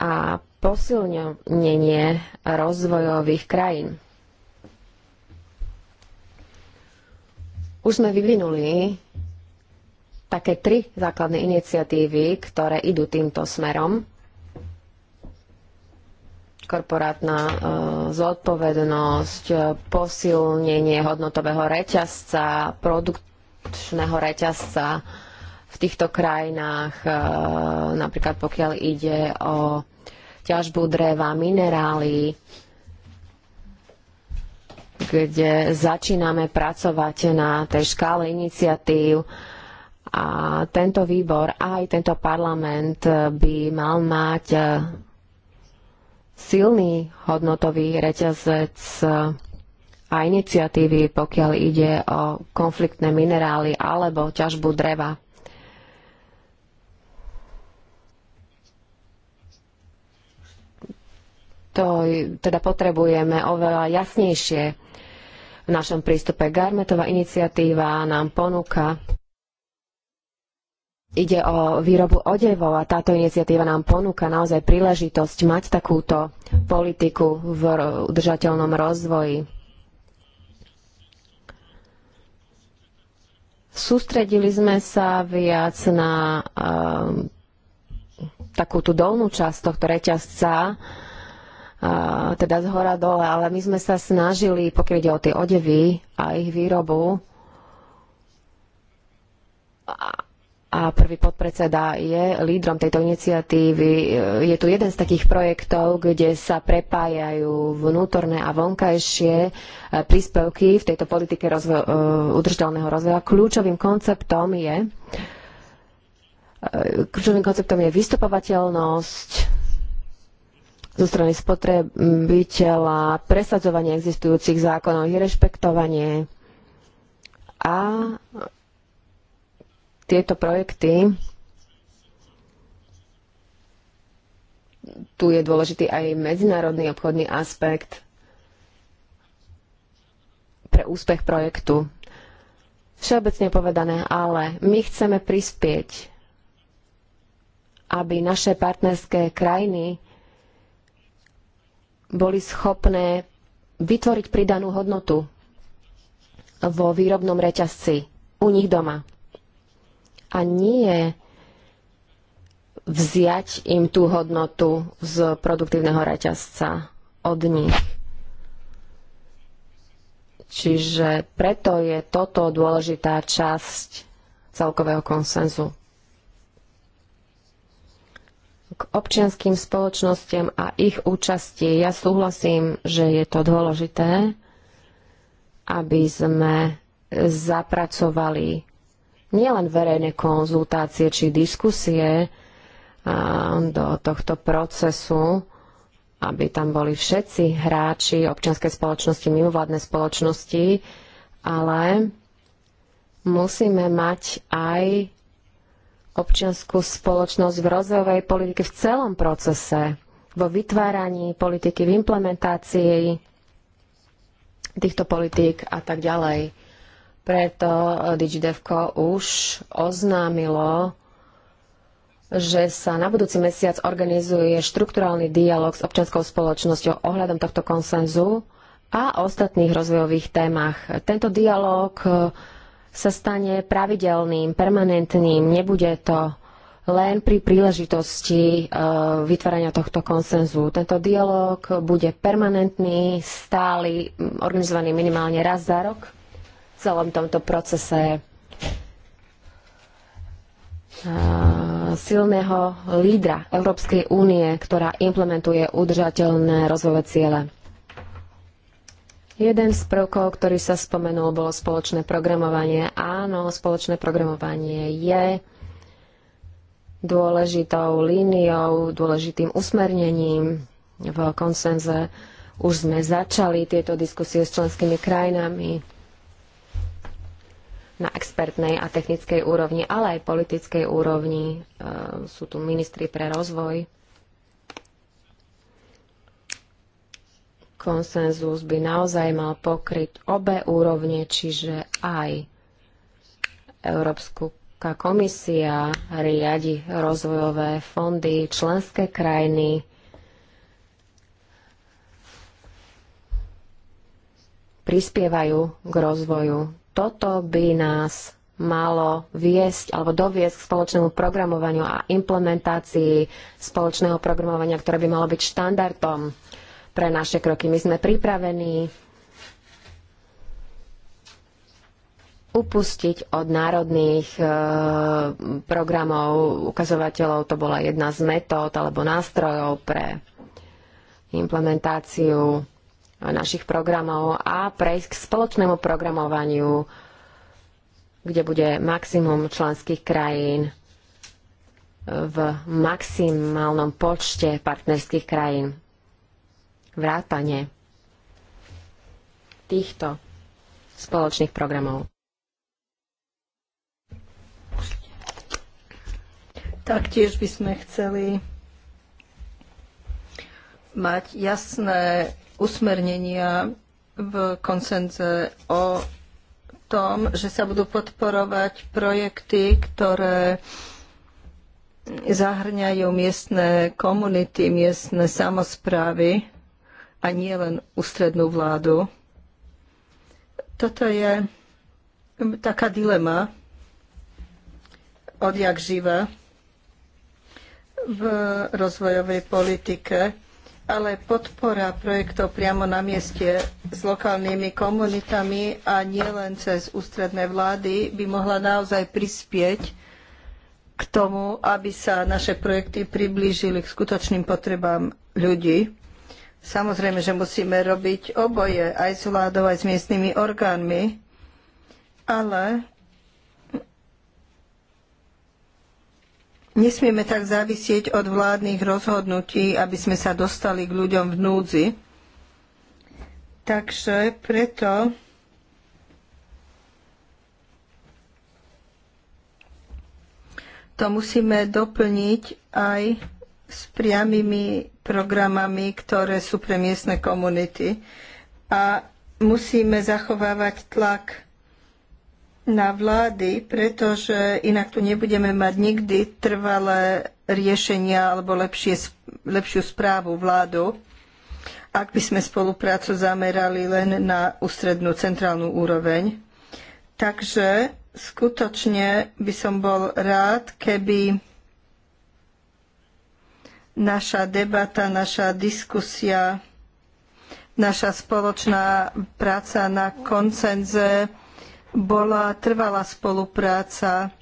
a posilnenie rozvojových krajín. Už sme vyvinuli také tri základné iniciatívy, ktoré idú týmto smerom. Korporátna e, zodpovednosť, e, posilnenie hodnotového reťazca, produkčného reťazca v týchto krajinách, e, napríklad pokiaľ ide o ťažbu dreva, minerály, kde začíname pracovať na tej škále iniciatív a tento výbor, aj tento parlament by mal mať e, silný hodnotový reťazec a iniciatívy, pokiaľ ide o konfliktné minerály alebo ťažbu dreva. To teda potrebujeme oveľa jasnejšie v našom prístupe. Garmetová iniciatíva nám ponúka Ide o výrobu odevov a táto iniciatíva nám ponúka naozaj príležitosť mať takúto politiku v udržateľnom rozvoji. Sústredili sme sa viac na uh, ehm, takú tú dolnú časť tohto reťazca, teda z hora dole, ale my sme sa snažili, pokiaľ ide o tie odevy a ich výrobu, a, prvý podpredseda je lídrom tejto iniciatívy. Je tu jeden z takých projektov, kde sa prepájajú vnútorné a vonkajšie e, príspevky v tejto politike rozvo- e, udržiteľného rozvoja. Kľúčovým konceptom je e, kľúčovým konceptom je vystupovateľnosť, zo strany spotrebiteľa, presadzovanie existujúcich zákonov, ich rešpektovanie a tieto projekty tu je dôležitý aj medzinárodný obchodný aspekt pre úspech projektu. Všeobecne povedané, ale my chceme prispieť, aby naše partnerské krajiny boli schopné vytvoriť pridanú hodnotu vo výrobnom reťazci u nich doma. A nie vziať im tú hodnotu z produktívneho reťazca od nich. Čiže preto je toto dôležitá časť celkového konsenzu k občianským spoločnostiam a ich účasti. Ja súhlasím, že je to dôležité, aby sme zapracovali nielen verejné konzultácie či diskusie do tohto procesu, aby tam boli všetci hráči občianskej spoločnosti, mimovládne spoločnosti, ale musíme mať aj občianskú spoločnosť v rozvojovej politike v celom procese, vo vytváraní politiky, v implementácii týchto politík a tak ďalej. Preto eh, DigiDevko už oznámilo, že sa na budúci mesiac organizuje štrukturálny dialog s občianskou spoločnosťou ohľadom tohto konsenzu a ostatných rozvojových témach. Tento dialog eh, sa stane pravidelným, permanentným. Nebude to len pri príležitosti e, vytvárania tohto konsenzu. Tento dialog bude permanentný, stály, organizovaný minimálne raz za rok v celom tomto procese e, silného lídra Európskej únie, ktorá implementuje udržateľné rozvojové ciele. Jeden z prvkov, ktorý sa spomenul, bolo spoločné programovanie. Áno, spoločné programovanie je dôležitou líniou, dôležitým usmernením v konsenze. Už sme začali tieto diskusie s členskými krajinami na expertnej a technickej úrovni, ale aj politickej úrovni. E, sú tu ministri pre rozvoj konsenzus by naozaj mal pokryť obe úrovne, čiže aj Európsku komisia riadi rozvojové fondy, členské krajiny, prispievajú k rozvoju. Toto by nás malo viesť alebo doviesť k spoločnému programovaniu a implementácii spoločného programovania, ktoré by malo byť štandardom pre naše kroky. My sme pripravení upustiť od národných e, programov ukazovateľov. To bola jedna z metód alebo nástrojov pre implementáciu našich programov a prejsť k spoločnému programovaniu, kde bude maximum členských krajín v maximálnom počte partnerských krajín vrátane týchto spoločných programov. Taktiež by sme chceli mať jasné usmernenia v koncenze o tom, že sa budú podporovať projekty, ktoré zahrňajú miestne komunity, miestne samozprávy a nie len ústrednú vládu. Toto je taká dilema odjak živa v rozvojovej politike, ale podpora projektov priamo na mieste s lokálnymi komunitami a nielen cez ústredné vlády by mohla naozaj prispieť k tomu, aby sa naše projekty priblížili k skutočným potrebám ľudí. Samozrejme, že musíme robiť oboje, aj s vládou, aj s miestnymi orgánmi, ale nesmieme tak závisieť od vládnych rozhodnutí, aby sme sa dostali k ľuďom v núdzi. Takže preto to musíme doplniť aj s priamými programami, ktoré sú pre miestne komunity. A musíme zachovávať tlak na vlády, pretože inak tu nebudeme mať nikdy trvalé riešenia alebo lepšie, lepšiu správu vládu, ak by sme spoluprácu zamerali len na ústrednú centrálnu úroveň. Takže skutočne by som bol rád, keby naša debata, naša diskusia, naša spoločná práca na koncenze bola trvalá spolupráca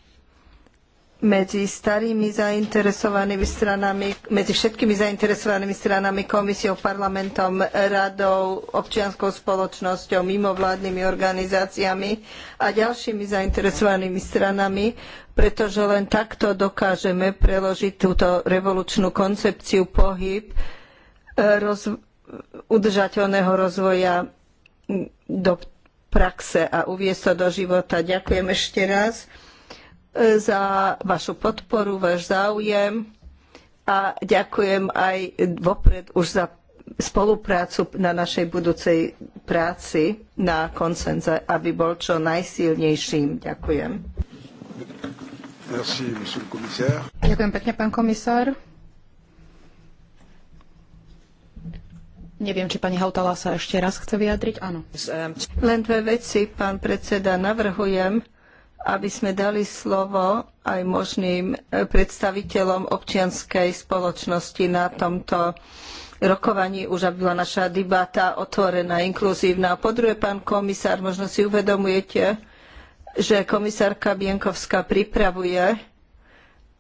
medzi starými zainteresovanými stranami, medzi všetkými zainteresovanými stranami, komisiou, parlamentom, radou, občianskou spoločnosťou, mimovládnymi organizáciami a ďalšími zainteresovanými stranami, pretože len takto dokážeme preložiť túto revolučnú koncepciu pohyb e, roz, udržateľného rozvoja do praxe a uviesť to do života. Ďakujem ešte raz e, za vašu podporu, váš záujem a ďakujem aj vopred už za spoluprácu na našej budúcej práci na konsenze, aby bol čo najsilnejším. Ďakujem. Merci, monsieur le commissaire. Ďakujem pekne, pán komisár. Neviem, či pani Hautala sa ešte raz chce vyjadriť. Áno. Len dve veci, pán predseda, navrhujem, aby sme dali slovo aj možným e, predstaviteľom občianskej spoločnosti na tomto rokovaní, už aby bola naša debata otvorená, inkluzívna. Po druhé, pán komisár, možno si uvedomujete, že komisárka Bienkovská pripravuje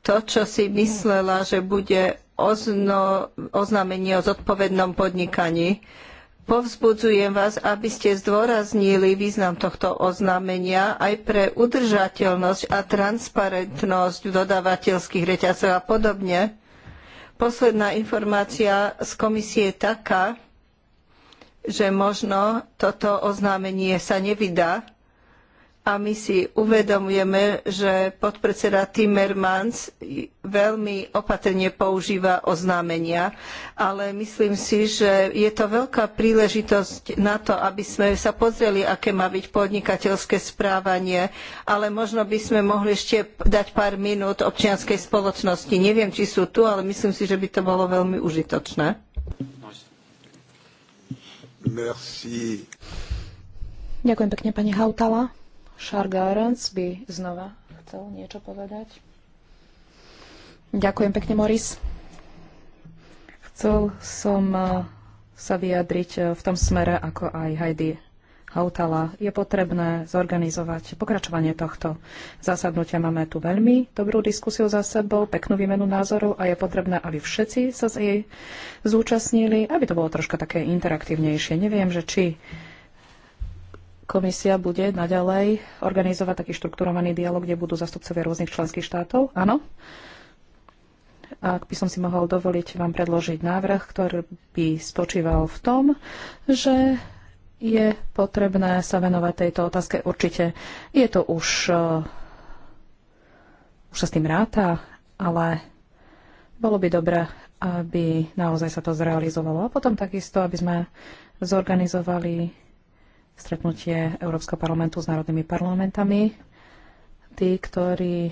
to, čo si myslela, že bude ozno, oznámenie o zodpovednom podnikaní. Povzbudzujem vás, aby ste zdôraznili význam tohto oznámenia aj pre udržateľnosť a transparentnosť v dodávateľských reťazov a podobne. Posledná informácia z komisie je taká, že možno toto oznámenie sa nevydá, a my si uvedomujeme, že podpredseda Timmermans veľmi opatrne používa oznámenia, ale myslím si, že je to veľká príležitosť na to, aby sme sa pozreli, aké má byť podnikateľské správanie, ale možno by sme mohli ešte dať pár minút občianskej spoločnosti. Neviem, či sú tu, ale myslím si, že by to bolo veľmi užitočné. Merci. Ďakujem pekne, pani Hautala. Šargárens by znova chcel niečo povedať. Ďakujem pekne, Moris. Chcel som eh, sa vyjadriť eh, v tom smere, ako aj Heidi Hautala. Je potrebné zorganizovať pokračovanie tohto zasadnutia. Máme tu veľmi dobrú diskusiu za sebou, peknú výmenu názorov a je potrebné, aby všetci sa z jej zúčastnili, aby to bolo troška také interaktívnejšie. Neviem, že či komisia bude naďalej organizovať taký štrukturovaný dialog, kde budú zastupcovia rôznych členských štátov? Áno. Ak by som si mohol dovoliť vám predložiť návrh, ktorý by spočíval v tom, že je potrebné sa venovať tejto otázke. Určite je to už, eh, už sa s tým ráta, ale bolo by dobré, aby naozaj sa to zrealizovalo. A potom takisto, aby sme zorganizovali stretnutie Európskeho parlamentu s národnými parlamentami. Tí, ktorí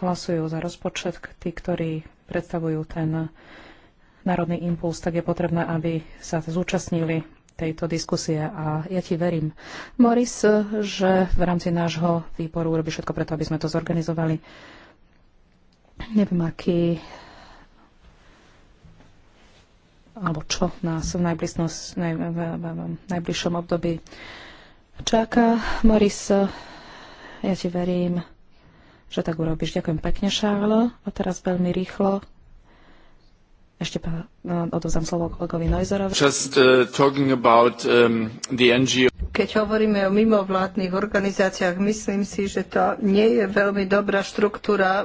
hlasujú za rozpočet, tí, ktorí predstavujú ten národný impuls, tak je potrebné, aby sa zúčastnili tejto diskusie a ja ti verím, moris, že v rámci nášho výboru urobí všetko preto, aby sme to zorganizovali. Neviem, aký alebo čo nás v, naj, v najbližšom období Čaká, Moris, ja ti verím, že tak urobíš. Ďakujem pekne, Šálo, A teraz veľmi rýchlo. Ešte pa, no, odovzdám slovo kolegovi Neuserovi. Just uh, talking about um, the NGO. Keď hovoríme o mimovládnych organizáciách, myslím si, že to nie je veľmi dobrá štruktúra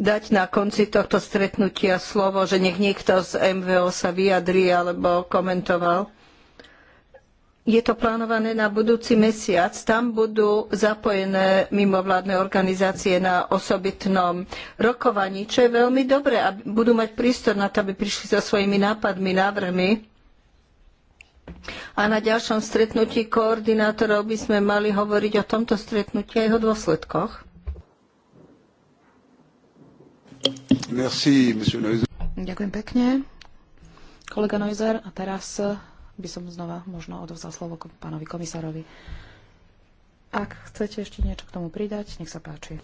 dať na konci tohto stretnutia slovo, že nech niekto z MVO sa vyjadri alebo komentoval je to plánované na budúci mesiac. Tam budú zapojené mimovládne organizácie na osobitnom rokovaní, čo je veľmi dobré a budú mať prístor na to, aby prišli so svojimi nápadmi, návrhmi. A na ďalšom stretnutí koordinátorov by sme mali hovoriť o tomto stretnutí a jeho dôsledkoch. Merci, Ďakujem pekne. Kolega Neuser, a teraz by som znova možno odovzal slovo pánovi komisárovi. Ak chcete ešte niečo k tomu pridať, nech sa páči.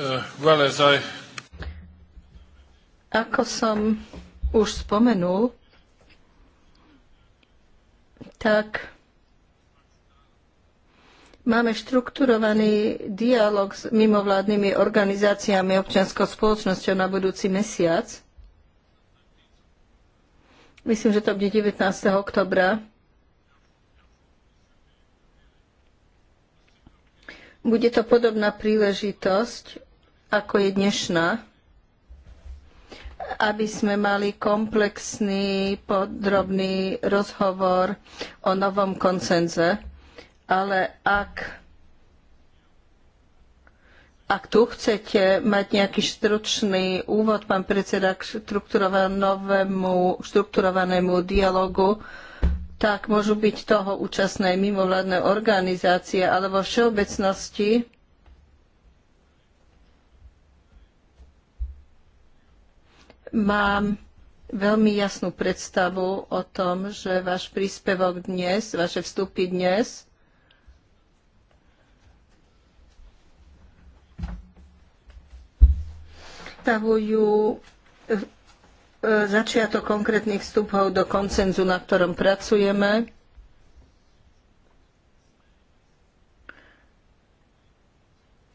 Eh, Ako som už spomenul, tak máme štrukturovaný dialog s mimovládnymi organizáciami občianskou spoločnosťou na budúci mesiac – Myslím, že to bude 19. oktobra. Bude to podobná príležitosť, ako je dnešná, aby sme mali komplexný, podrobný rozhovor o novom koncenze. Ale ak ak tu chcete mať nejaký stručný úvod, pán predseda, k štrukturovanému, štrukturovanému dialogu, tak môžu byť toho účastné mimovládne organizácie, ale vo všeobecnosti mám veľmi jasnú predstavu o tom, že váš príspevok dnes, vaše vstupy dnes predstavujú e, e, začiatok konkrétnych vstupov do koncenzu, na ktorom pracujeme.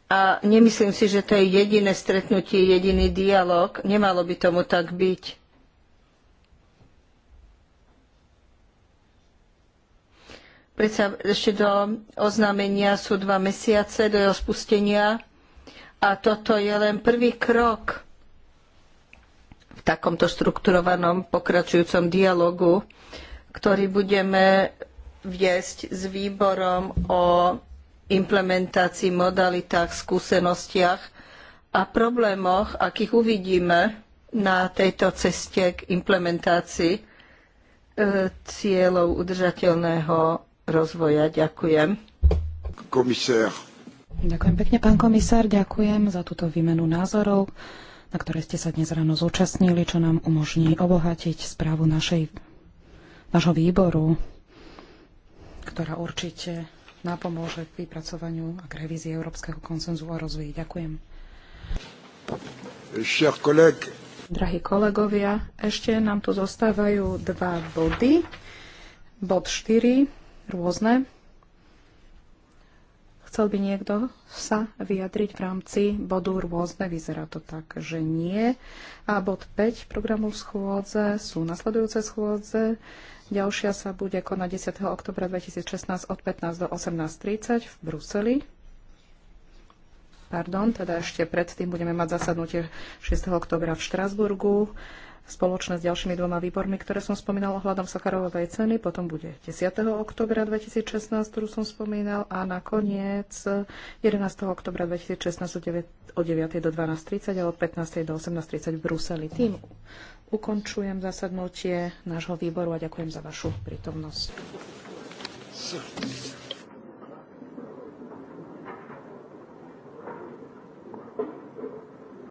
A nemyslím si, že to je jediné stretnutie, jediný dialog. Nemalo by tomu tak byť. Predsa ešte do oznámenia sú dva mesiace, do jeho spustenia. A toto je len prvý krok v takomto štrukturovanom pokračujúcom dialogu, ktorý budeme viesť s výborom o implementácii, modalitách, skúsenostiach a problémoch, akých uvidíme na tejto ceste k implementácii e, cieľov udržateľného rozvoja. Ďakujem. Komisár. Ďakujem pekne, pán komisár. Ďakujem za túto výmenu názorov, na ktoré ste sa dnes ráno zúčastnili, čo nám umožní obohatiť správu našej, našho výboru, ktorá určite napomôže k vypracovaniu a k revízii Európskeho konsenzu o rozvoji. Ďakujem. Drahí kolegovia, ešte nám tu zostávajú dva body. Bod 4, rôzne, Chcel by niekto sa vyjadriť v rámci bodu rôzne? Vyzerá to tak, že nie. A bod 5 programu schôdze sú nasledujúce schôdze. Ďalšia sa bude konať 10. oktobra 2016 od 15 do 18.30 v Bruseli. Pardon, teda ešte predtým budeme mať zasadnutie 6. oktobra v Štrasburgu spoločné s ďalšími dvoma výbormi, ktoré som spomínal ohľadom Sakarovej ceny. Potom bude 10. oktobra 2016, ktorú som spomínal. A nakoniec 11. oktobra 2016 o 9, 9. do 12.30 a od 15. do 18.30 v Bruseli. Tým ukončujem zasadnutie nášho výboru a ďakujem za vašu prítomnosť.